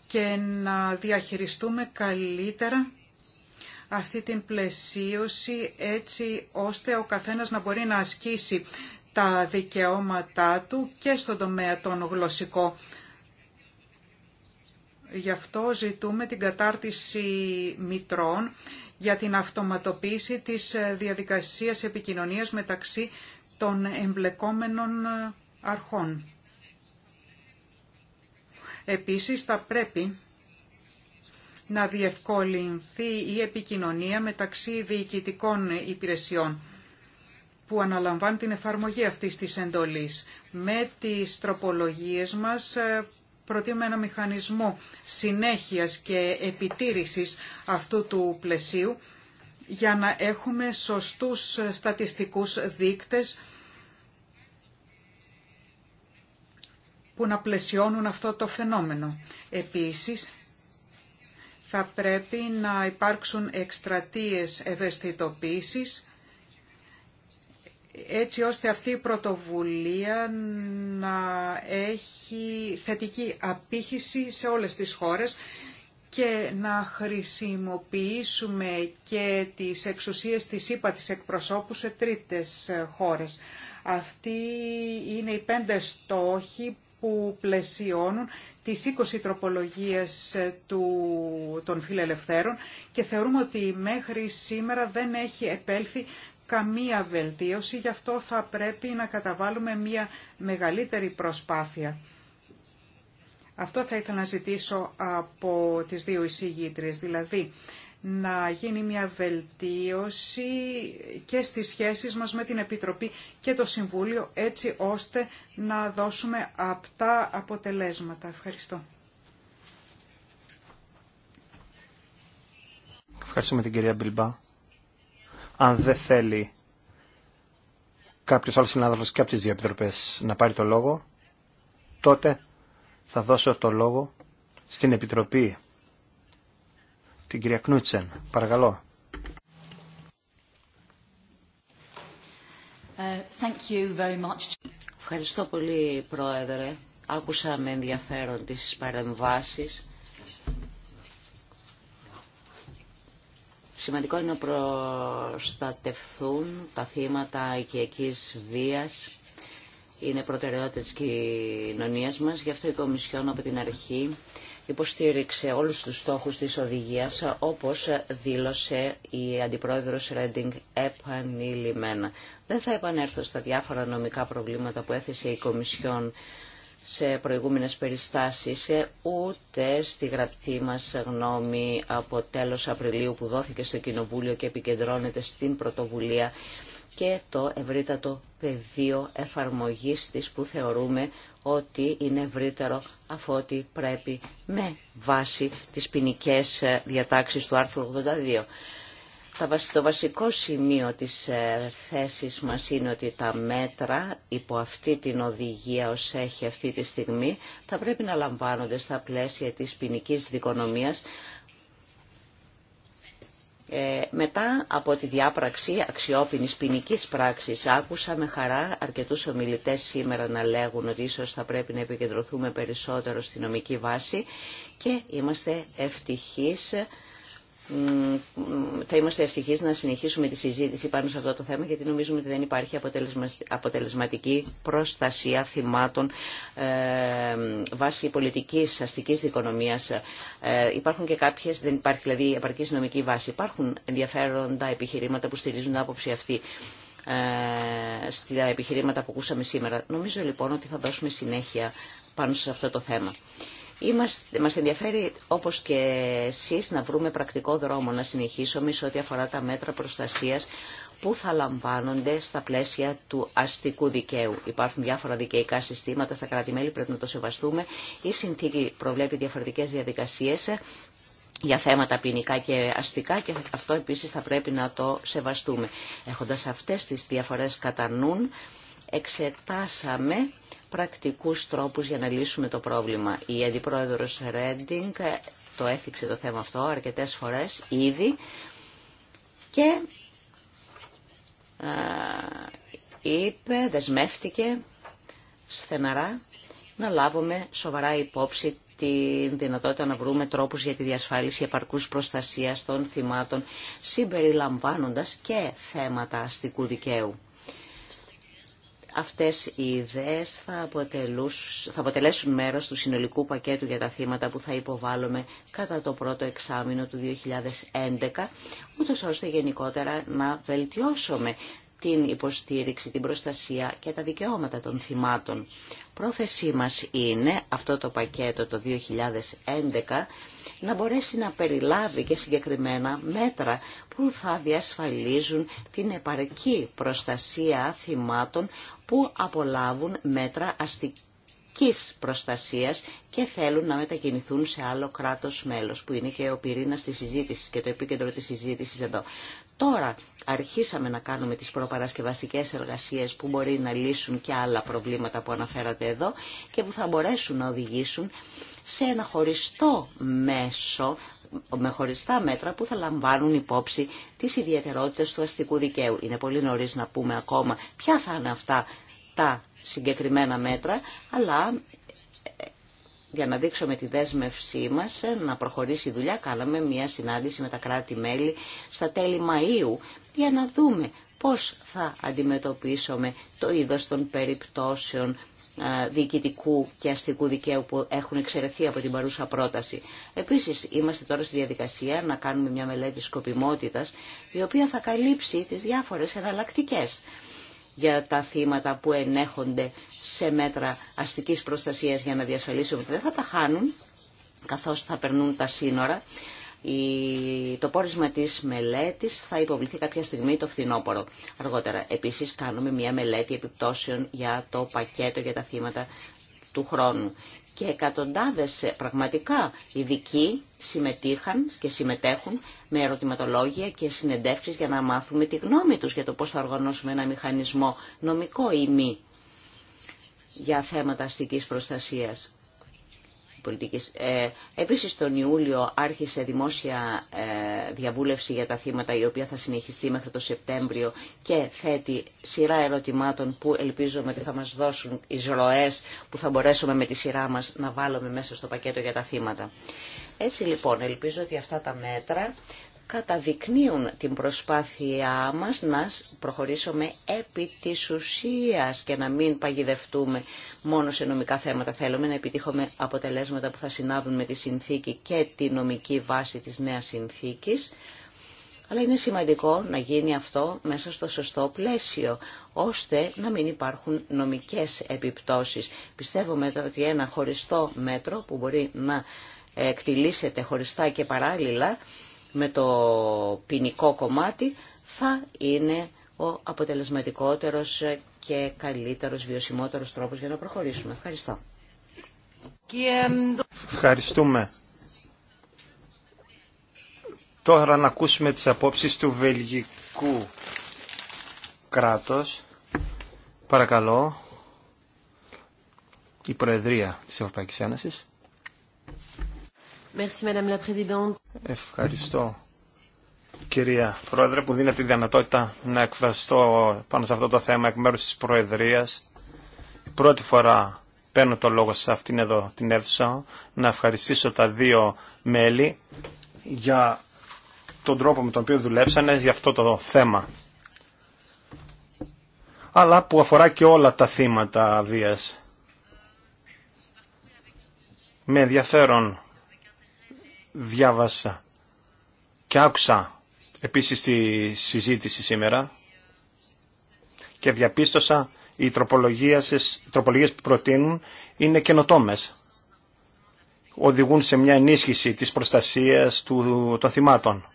και να διαχειριστούμε καλύτερα αυτή την πλαισίωση έτσι ώστε ο καθένας να μπορεί να ασκήσει τα δικαιώματά του και στον τομέα των γλωσσικών. Γι' αυτό ζητούμε την κατάρτιση μητρών για την αυτοματοποίηση της ε, διαδικασίας επικοινωνίας μεταξύ των εμπλεκόμενων ε, αρχών. Επίσης θα πρέπει να διευκολυνθεί η επικοινωνία μεταξύ διοικητικών υπηρεσιών που αναλαμβάνουν την εφαρμογή αυτής της εντολής. Με τις τροπολογίες μας ε, προτείνουμε ένα μηχανισμό συνέχειας και επιτήρησης αυτού του πλαισίου για να έχουμε σωστούς στατιστικούς δείκτες που να πλαισιώνουν αυτό το φαινόμενο. Επίσης, θα πρέπει να υπάρξουν εκστρατείες ευαισθητοποίησης έτσι ώστε αυτή η πρωτοβουλία να έχει θετική απήχηση σε όλες τις χώρες και να χρησιμοποιήσουμε και τις εξουσίες της ΥΠΑ της εκπροσώπου σε τρίτες χώρες. Αυτοί είναι οι πέντε στόχοι που πλαισιώνουν τις 20 τροπολογίες του, των φιλελευθέρων και θεωρούμε ότι μέχρι σήμερα δεν έχει επέλθει καμία βελτίωση, γι' αυτό θα πρέπει να καταβάλουμε μια μεγαλύτερη προσπάθεια. Αυτό θα ήθελα να ζητήσω από τις δύο εισηγήτριες, δηλαδή να γίνει μια βελτίωση και στις σχέσεις μας με την Επιτροπή και το Συμβούλιο, έτσι ώστε να δώσουμε απτά αποτελέσματα. Ευχαριστώ. Ευχαριστούμε την κυρία Μπιλμπά. Αν δεν θέλει κάποιος άλλος συνάδελφος και από τις δύο επιτροπές να πάρει το λόγο, τότε θα δώσω το λόγο στην Επιτροπή, την κυρία Κνούτσεν. Παρακαλώ. Ε, Ευχαριστώ πολύ, Πρόεδρε. Άκουσα με ενδιαφέρον τις παρεμβάσεις Σημαντικό είναι να προστατευθούν τα θύματα οικιακής βίας. Είναι προτεραιότητα της κοινωνίας μας. Γι' αυτό η Κομισιόν από την αρχή υποστήριξε όλους τους στόχους της οδηγίας, όπως δήλωσε η Αντιπρόεδρος Ρέντινγκ επανειλημμένα. Δεν θα επανέλθω στα διάφορα νομικά προβλήματα που έθεσε η Κομισιόν σε προηγούμενες περιστάσεις ε, ούτε στη γραπτή μας γνώμη από τέλος Απριλίου που δόθηκε στο Κοινοβούλιο και επικεντρώνεται στην πρωτοβουλία και το ευρύτατο πεδίο εφαρμογής της που θεωρούμε ότι είναι ευρύτερο αφού πρέπει με βάση τις ποινικέ ε, διατάξεις του άρθρου 82. Το βασικό σημείο της ε, θέσης μας είναι ότι τα μέτρα υπό αυτή την οδηγία ως έχει αυτή τη στιγμή θα πρέπει να λαμβάνονται στα πλαίσια της ποινική δικονομίας ε, μετά από τη διάπραξη αξιόπινης ποινική πράξης άκουσα με χαρά αρκετούς ομιλητές σήμερα να λέγουν ότι ίσως θα πρέπει να επικεντρωθούμε περισσότερο στη νομική βάση και είμαστε ευτυχείς θα είμαστε ευτυχείς να συνεχίσουμε τη συζήτηση πάνω σε αυτό το θέμα γιατί νομίζουμε ότι δεν υπάρχει αποτελεσματική προστασία θυμάτων ε, βάσει πολιτικής αστικής δικονομίας. Ε, υπάρχουν και κάποιες, δεν υπάρχει δηλαδή επαρκής νομική βάση. Υπάρχουν ενδιαφέροντα επιχειρήματα που στηρίζουν την άποψη αυτή ε, στα επιχειρήματα που ακούσαμε σήμερα. Νομίζω λοιπόν ότι θα δώσουμε συνέχεια πάνω σε αυτό το θέμα. Είμαστε, μας ενδιαφέρει όπως και εσείς να βρούμε πρακτικό δρόμο να συνεχίσουμε σε ό,τι αφορά τα μέτρα προστασίας που θα λαμβάνονται στα πλαίσια του αστικού δικαίου. Υπάρχουν διάφορα δικαιϊκά συστήματα στα κράτη-μέλη, πρέπει να το σεβαστούμε. Η συνθήκη προβλέπει διαφορετικές διαδικασίες για θέματα ποινικά και αστικά και αυτό επίσης θα πρέπει να το σεβαστούμε. Έχοντας αυτές τις διαφορές κατά νουν, εξετάσαμε πρακτικούς τρόπους για να λύσουμε το πρόβλημα. Η Αντιπρόεδρος Ρέντινγκ το έθιξε το θέμα αυτό αρκετές φορές ήδη και ε, είπε, δεσμεύτηκε στεναρά να λάβουμε σοβαρά υπόψη τη δυνατότητα να βρούμε τρόπους για τη διασφάλιση επαρκούς προστασίας των θυμάτων συμπεριλαμβάνοντας και θέματα αστικού δικαίου. Αυτές οι ιδέες θα, θα αποτελέσουν μέρος του συνολικού πακέτου για τα θύματα που θα υποβάλλουμε κατά το πρώτο εξάμεινο του 2011, ούτως ώστε γενικότερα να βελτιώσουμε την υποστήριξη, την προστασία και τα δικαιώματα των θυμάτων. Πρόθεσή μας είναι αυτό το πακέτο το 2011 να μπορέσει να περιλάβει και συγκεκριμένα μέτρα που θα διασφαλίζουν την επαρκή προστασία θυμάτων που απολάβουν μέτρα αστικής προστασίας και θέλουν να μετακινηθούν σε άλλο κράτος μέλος, που είναι και ο πυρήνας της συζήτησης και το επίκεντρο της συζήτησης εδώ. Τώρα αρχίσαμε να κάνουμε τις προπαρασκευαστικές εργασίες που μπορεί να λύσουν και άλλα προβλήματα που αναφέρατε εδώ και που θα μπορέσουν να οδηγήσουν σε ένα χωριστό μέσο με χωριστά μέτρα που θα λαμβάνουν υπόψη τις ιδιαιτερότητες του αστικού δικαίου. Είναι πολύ νωρίς να πούμε ακόμα ποια θα είναι αυτά τα συγκεκριμένα μέτρα, αλλά ε, για να δείξουμε τη δέσμευσή μας ε, να προχωρήσει η δουλειά, κάναμε μια συνάντηση με τα κράτη-μέλη στα τέλη Μαΐου για να δούμε πώς θα αντιμετωπίσουμε το είδος των περιπτώσεων διοικητικού και αστικού δικαίου που έχουν εξαιρεθεί από την παρούσα πρόταση. Επίσης, είμαστε τώρα στη διαδικασία να κάνουμε μια μελέτη σκοπιμότητας, η οποία θα καλύψει τις διάφορες εναλλακτικέ για τα θύματα που ενέχονται σε μέτρα αστικής προστασίας για να διασφαλίσουμε ότι δεν θα τα χάνουν, καθώς θα περνούν τα σύνορα το πόρισμα της μελέτης θα υποβληθεί κάποια στιγμή το φθινόπωρο. Αργότερα, επίσης, κάνουμε μια μελέτη επιπτώσεων για το πακέτο για τα θύματα του χρόνου. Και εκατοντάδες ε, πραγματικά ειδικοί συμμετείχαν και συμμετέχουν με ερωτηματολόγια και συνεντεύξεις για να μάθουμε τη γνώμη τους για το πώς θα οργανώσουμε ένα μηχανισμό νομικό ή μη για θέματα αστικής προστασίας πολιτικής. Ε, επίσης τον Ιούλιο άρχισε δημόσια ε, διαβούλευση για τα θύματα η οποία θα συνεχιστεί μέχρι το Σεπτέμβριο και θέτει σειρά ερωτημάτων που ελπίζουμε ότι θα μας δώσουν οι ροές που θα μπορέσουμε με τη σειρά μας να βάλουμε μέσα στο πακέτο για τα θύματα. Έτσι λοιπόν ελπίζω ότι αυτά τα μέτρα καταδεικνύουν την προσπάθειά μας να προχωρήσουμε επί της ουσίας και να μην παγιδευτούμε μόνο σε νομικά θέματα. Θέλουμε να επιτύχουμε αποτελέσματα που θα συνάδουν με τη συνθήκη και τη νομική βάση της νέας συνθήκης. Αλλά είναι σημαντικό να γίνει αυτό μέσα στο σωστό πλαίσιο, ώστε να μην υπάρχουν νομικές επιπτώσεις. Πιστεύουμε ότι ένα χωριστό μέτρο που μπορεί να εκτιλήσεται χωριστά και παράλληλα, με το ποινικό κομμάτι θα είναι ο αποτελεσματικότερος και καλύτερος, βιωσιμότερος τρόπος για να προχωρήσουμε. Ευχαριστώ. Ευχαριστούμε. Τώρα να ακούσουμε τις απόψεις του βελγικού κράτος. Παρακαλώ, η Προεδρία της Ευρωπαϊκής Ένωσης. Ευχαριστώ, κυρία Πρόεδρε, που δίνετε τη δυνατότητα να εκφραστώ πάνω σε αυτό το θέμα εκ μέρους της Προεδρίας. Πρώτη φορά παίρνω το λόγο σε αυτήν εδώ την αίθουσα να ευχαριστήσω τα δύο μέλη για τον τρόπο με τον οποίο δουλέψανε για αυτό το θέμα αλλά που αφορά και όλα τα θύματα βίας. Με ενδιαφέρον διάβασα και άκουσα επίσης τη συζήτηση σήμερα και διαπίστωσα οι τροπολογίες, οι τροπολογίες που προτείνουν είναι καινοτόμε. Οδηγούν σε μια ενίσχυση της προστασίας του, των θυμάτων.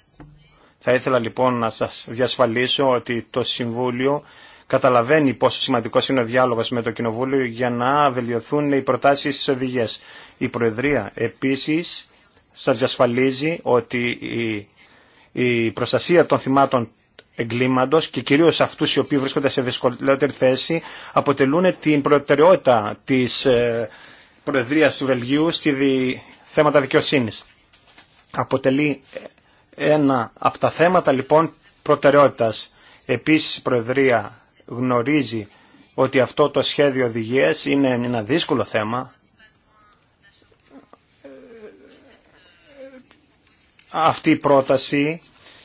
Θα ήθελα λοιπόν να σας διασφαλίσω ότι το Συμβούλιο καταλαβαίνει πόσο σημαντικός είναι ο διάλογος με το Κοινοβούλιο για να βελτιωθούν οι προτάσεις στις οδηγίες. Η Προεδρία επίσης σας διασφαλίζει ότι η, προστασία των θυμάτων εγκλήματος και κυρίως αυτούς οι οποίοι βρίσκονται σε δυσκολότερη θέση αποτελούν την προτεραιότητα της ε, Προεδρίας του Βελγίου στη δι... θέματα δικαιοσύνης. Αποτελεί ε, ένα από τα θέματα λοιπόν προτεραιότητας. Επίσης η Προεδρία γνωρίζει ότι αυτό το σχέδιο οδηγίες είναι ένα δύσκολο θέμα αυτή η πρόταση,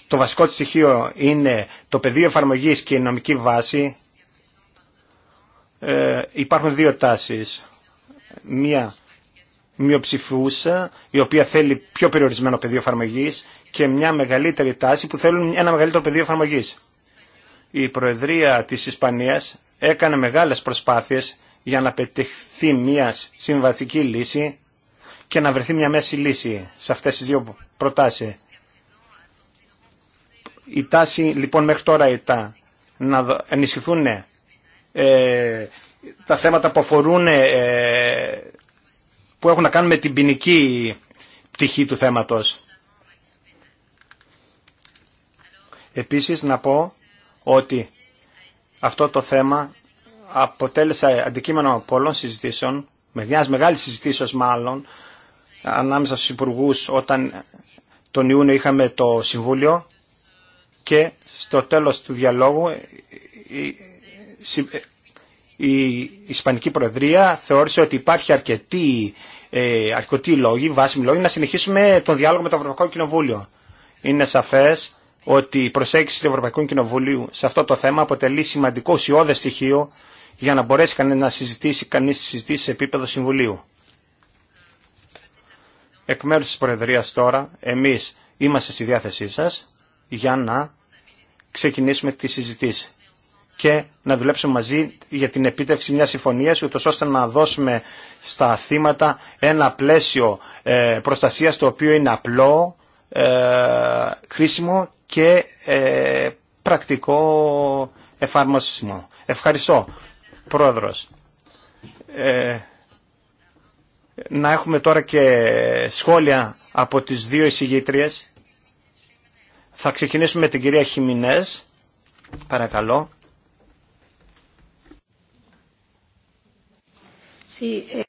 το βασικό της στοιχείο είναι το πεδίο εφαρμογής και η νομική βάση. Ε, υπάρχουν δύο τάσεις. Μία μειοψηφούσα, η οποία θέλει πιο περιορισμένο πεδίο εφαρμογή και μια μεγαλύτερη τάση που θέλουν ένα μεγαλύτερο πεδίο εφαρμογή. Η Προεδρία της Ισπανίας έκανε μεγάλες προσπάθειες για να πετυχθεί μια συμβατική λύση και να βρεθεί μια μέση λύση σε αυτές τις δύο προτάσεις. Η τάση λοιπόν μέχρι τώρα ήταν να ενισχυθούν ε, τα θέματα που αφορούν ε, που έχουν να κάνουν με την ποινική πτυχή του θέματος. Επίσης να πω ότι αυτό το θέμα αποτέλεσε αντικείμενο πολλών συζητήσεων, μιας μεγάλης συζητήσεως μάλλον, ανάμεσα στους υπουργού όταν τον Ιούνιο είχαμε το Συμβούλιο και στο τέλος του διαλόγου η Ισπανική Προεδρία θεώρησε ότι υπάρχει αρκετή, ε, αρκετή λόγη, να συνεχίσουμε τον διάλογο με το Ευρωπαϊκό Κοινοβούλιο. Είναι σαφές ότι η προσέγγιση του Ευρωπαϊκού Κοινοβουλίου σε αυτό το θέμα αποτελεί σημαντικό ουσιώδες στοιχείο για να μπορέσει κανένα να συζητήσει, κανείς συζητήσει σε επίπεδο Συμβουλίου. Εκ μέρους της Προεδρίας τώρα, εμείς είμαστε στη διάθεσή σας για να ξεκινήσουμε τη συζητήση και να δουλέψουμε μαζί για την επίτευξη μιας συμφωνίας, ούτως ώστε να δώσουμε στα θύματα ένα πλαίσιο ε, προστασίας το οποίο είναι απλό, ε, χρήσιμο και ε, πρακτικό εφαρμοσισμό. Ευχαριστώ, Πρόεδρος να έχουμε τώρα και σχόλια από τις δύο εισηγήτριες. Θα ξεκινήσουμε με την κυρία Χιμινές. Παρακαλώ. Eh.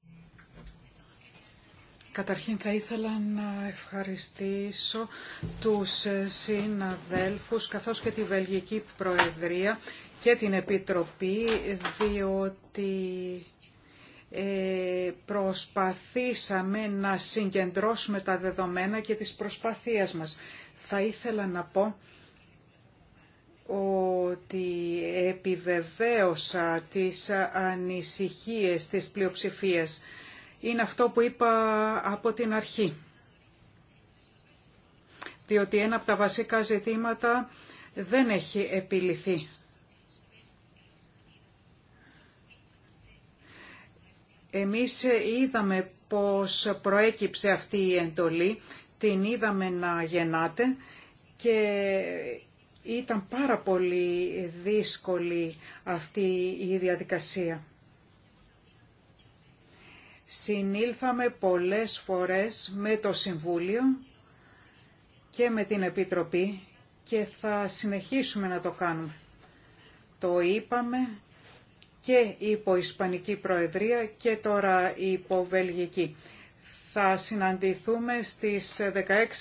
Καταρχήν θα ήθελα να ευχαριστήσω τους ε, συναδέλφους καθώς και τη Βελγική Προεδρία και την Επιτροπή διότι ε, προσπαθήσαμε να συγκεντρώσουμε τα δεδομένα και τις προσπαθίες μας. Θα ήθελα να πω ότι επιβεβαίωσα τις ανησυχίες της πλειοψηφίας. Είναι αυτό που είπα από την αρχή. Διότι ένα από τα βασικά ζητήματα δεν έχει επιληθεί Εμείς είδαμε πώς προέκυψε αυτή η εντολή, την είδαμε να γεννάται και ήταν πάρα πολύ δύσκολη αυτή η διαδικασία. Συνήλθαμε πολλές φορές με το Συμβούλιο και με την Επιτροπή και θα συνεχίσουμε να το κάνουμε. Το είπαμε και υπό Ισπανική Προεδρία και τώρα υπό Βελγική. Θα συναντηθούμε στις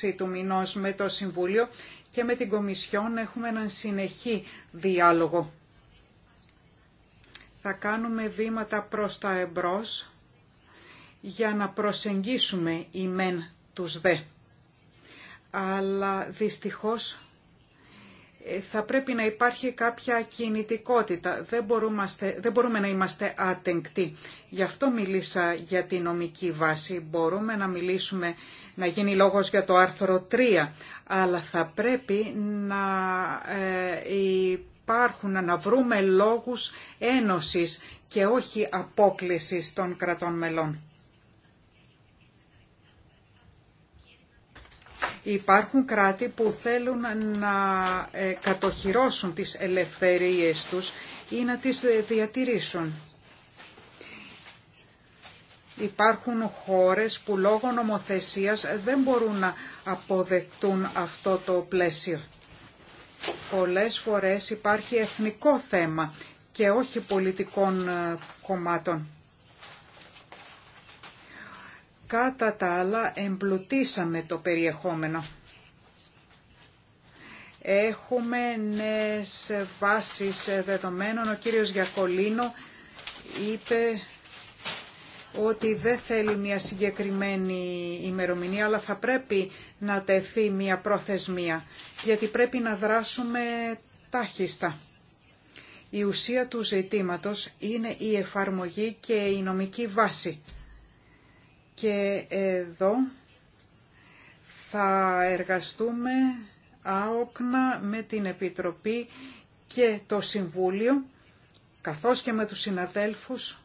16 του μηνός με το Συμβούλιο και με την Κομισιόν έχουμε έναν συνεχή διάλογο. Θα κάνουμε βήματα προς τα εμπρός για να προσεγγίσουμε οι μεν τους δε. Αλλά δυστυχώς ε, θα πρέπει να υπάρχει κάποια κινητικότητα. Δεν, δεν μπορούμε να είμαστε άτεγκτοι. Γι' αυτό μίλησα για τη νομική βάση. Μπορούμε να μιλήσουμε, να γίνει λόγος για το άρθρο 3, αλλά θα πρέπει να ε, υπάρχουν, να βρούμε λόγους ένωσης και όχι απόκλησης των κρατών μελών. Υπάρχουν κράτη που θέλουν να ε, κατοχυρώσουν τις ελευθερίες τους ή να τις ε, διατηρήσουν. Υπάρχουν χώρες που λόγω νομοθεσίας δεν μπορούν να αποδεκτούν αυτό το πλαίσιο. Πολλές φορές υπάρχει εθνικό θέμα και όχι πολιτικών ε, κομμάτων. Κατά τα άλλα εμπλουτίσαμε το περιεχόμενο. Έχουμε νέες βάσεις δεδομένων. Ο κύριος Γιακολίνο είπε ότι δεν θέλει μια συγκεκριμένη ημερομηνία, αλλά θα πρέπει να τεθεί μια προθεσμία, γιατί πρέπει να δράσουμε τάχιστα. Η ουσία του ζητήματος είναι η εφαρμογή και η νομική βάση και εδώ θα εργαστούμε άοκνα με την Επιτροπή και το Συμβούλιο, καθώς και με τους συναδέλφους,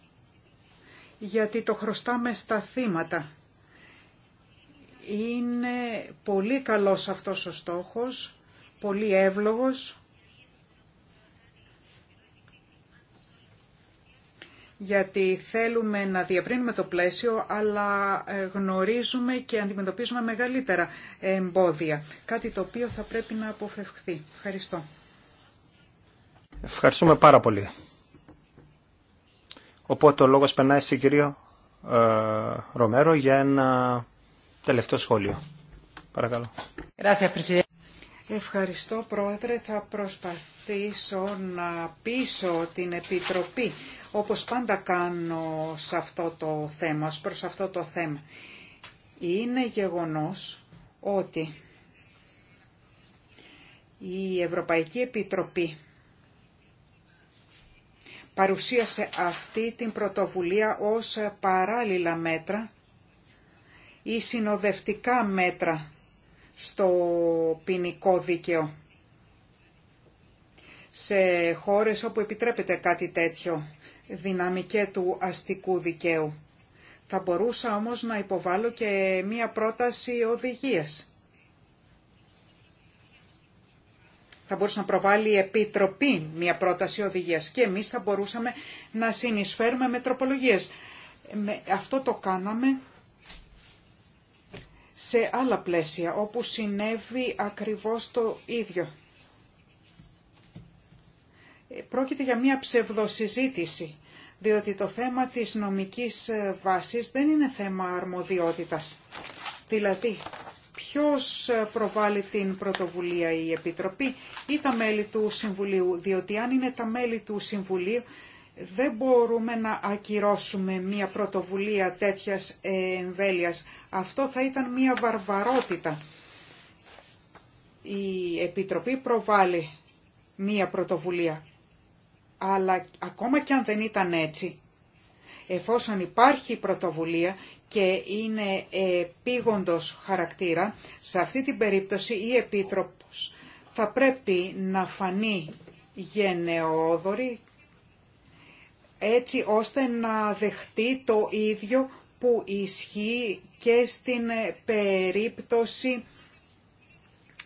γιατί το χρωστάμε στα θύματα. Είναι πολύ καλός αυτός ο στόχος, πολύ εύλογος γιατί θέλουμε να διαπρύνουμε το πλαίσιο, αλλά ε, γνωρίζουμε και αντιμετωπίζουμε μεγαλύτερα εμπόδια. Κάτι το οποίο θα πρέπει να αποφευχθεί. Ευχαριστώ. Ευχαριστούμε πάρα πολύ. Οπότε ο λόγος περνάει στην κυρία ε, Ρομέρο για ένα τελευταίο σχόλιο. Παρακαλώ. Ευχαριστώ Πρόεδρε. Θα προσπαθήσω να πείσω την Επιτροπή όπως πάντα κάνω σε αυτό το θέμα, προς αυτό το θέμα. Είναι γεγονός ότι η Ευρωπαϊκή Επιτροπή παρουσίασε αυτή την πρωτοβουλία ως παράλληλα μέτρα ή συνοδευτικά μέτρα στο ποινικό δίκαιο σε χώρες όπου επιτρέπεται κάτι τέτοιο δυναμικέ του αστικού δικαίου. Θα μπορούσα όμως να υποβάλω και μία πρόταση οδηγίας. Θα μπορούσε να προβάλλει η Επιτροπή μία πρόταση οδηγίας και εμείς θα μπορούσαμε να συνεισφέρουμε με τροπολογίες. Αυτό το κάναμε σε άλλα πλαίσια όπου συνέβη ακριβώς το ίδιο. Ε, πρόκειται για μία ψευδοσυζήτηση διότι το θέμα της νομικής ε, βάσης δεν είναι θέμα αρμοδιότητας. Δηλαδή, ποιος ε, προβάλλει την πρωτοβουλία η Επιτροπή ή τα μέλη του Συμβουλίου, διότι αν είναι τα μέλη του Συμβουλίου δεν μπορούμε να ακυρώσουμε μια πρωτοβουλία τέτοιας εμβέλειας. Αυτό θα ήταν μια βαρβαρότητα. Η Επιτροπή προβάλλει μια πρωτοβουλία αλλά ακόμα και αν δεν ήταν έτσι, εφόσον υπάρχει πρωτοβουλία και είναι επίγοντος χαρακτήρα, σε αυτή την περίπτωση η Επίτροπος θα πρέπει να φανεί γενναιόδορη έτσι ώστε να δεχτεί το ίδιο που ισχύει και στην περίπτωση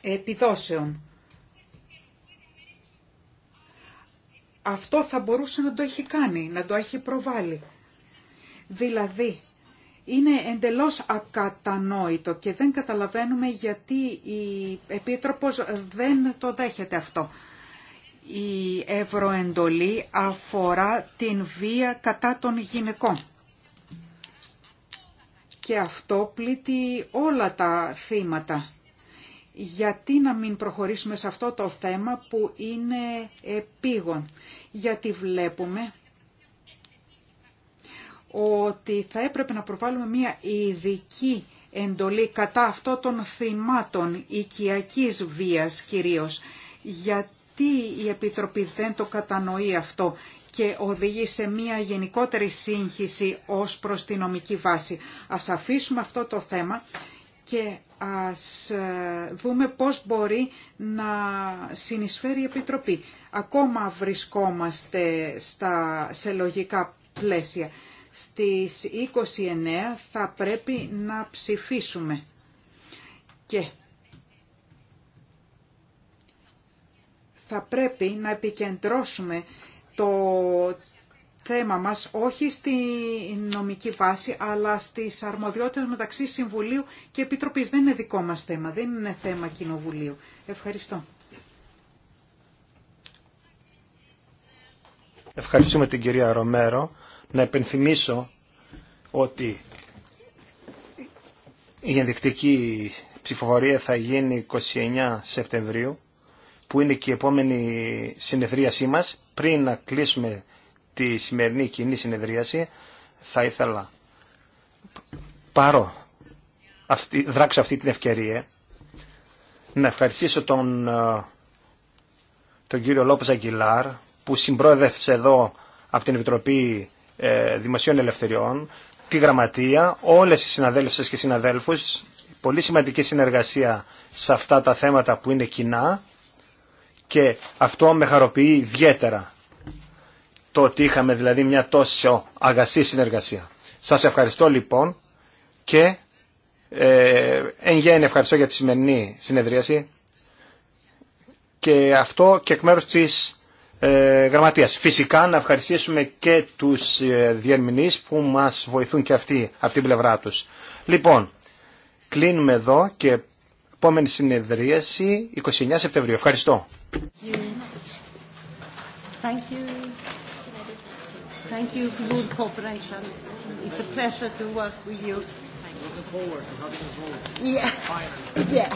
επιδόσεων. αυτό θα μπορούσε να το έχει κάνει, να το έχει προβάλει. Δηλαδή, είναι εντελώς ακατανόητο και δεν καταλαβαίνουμε γιατί η Επίτροπος δεν το δέχεται αυτό. Η ευρωεντολή αφορά την βία κατά των γυναικών. Και αυτό πλήττει όλα τα θύματα γιατί να μην προχωρήσουμε σε αυτό το θέμα που είναι επίγον. Γιατί βλέπουμε ότι θα έπρεπε να προβάλλουμε μια ειδική εντολή κατά αυτό των θυμάτων οικιακής βίας κυρίως. Γιατί η Επιτροπή δεν το κατανοεί αυτό και οδηγεί σε μια γενικότερη σύγχυση ως προς τη νομική βάση. Ας αφήσουμε αυτό το θέμα και ας ε, δούμε πώς μπορεί να συνεισφέρει η Επιτροπή. Ακόμα βρισκόμαστε στα, σε λογικά πλαίσια. Στις 29 θα πρέπει να ψηφίσουμε. Και θα πρέπει να επικεντρώσουμε το, θέμα μας όχι στη νομική βάση αλλά στις αρμοδιότητες μεταξύ Συμβουλίου και Επιτροπής. Δεν είναι δικό μας θέμα, δεν είναι θέμα Κοινοβουλίου. Ευχαριστώ. Ευχαριστούμε την κυρία Ρομέρο. Να επενθυμίσω ότι η ενδεικτική ψηφοφορία θα γίνει 29 Σεπτεμβρίου που είναι και η επόμενη συνεδρίασή μας πριν να κλείσουμε τη σημερινή κοινή συνεδρίαση θα ήθελα πάρω αυτή, δράξω αυτή την ευκαιρία να ευχαριστήσω τον, ε, τον κύριο Λόπες Αγγιλάρ που συμπρόεδευσε εδώ από την Επιτροπή ε, Δημοσίων Ελευθεριών τη Γραμματεία, όλες οι συναδέλφες και συναδέλφους πολύ σημαντική συνεργασία σε αυτά τα θέματα που είναι κοινά και αυτό με χαροποιεί ιδιαίτερα το ότι είχαμε δηλαδή μια τόσο αγαστή συνεργασία. Σας ευχαριστώ λοιπόν και ε, εν γένει ευχαριστώ για τη σημερινή συνεδρίαση και αυτό και εκ μέρους της ε, γραμματείας. Φυσικά να ευχαριστήσουμε και τους ε, διερμηνείς που μας βοηθούν και αυτοί, αυτή την πλευρά τους. Λοιπόν, κλείνουμε εδώ και επόμενη συνεδρίαση 29 Σεπτεμβρίου. Ευχαριστώ. Thank Thank you for good cooperation. It's a pleasure to work with you. Looking forward to having you home. Yeah. Yeah.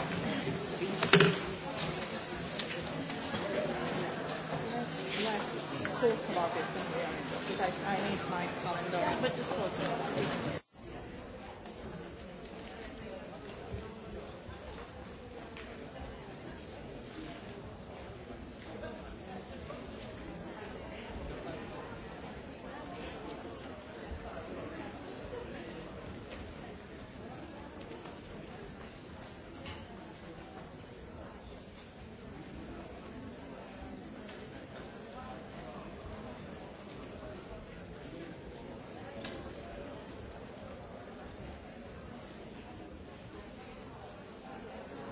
Let's talk about it. I need my calendar. Yeah, but just about it.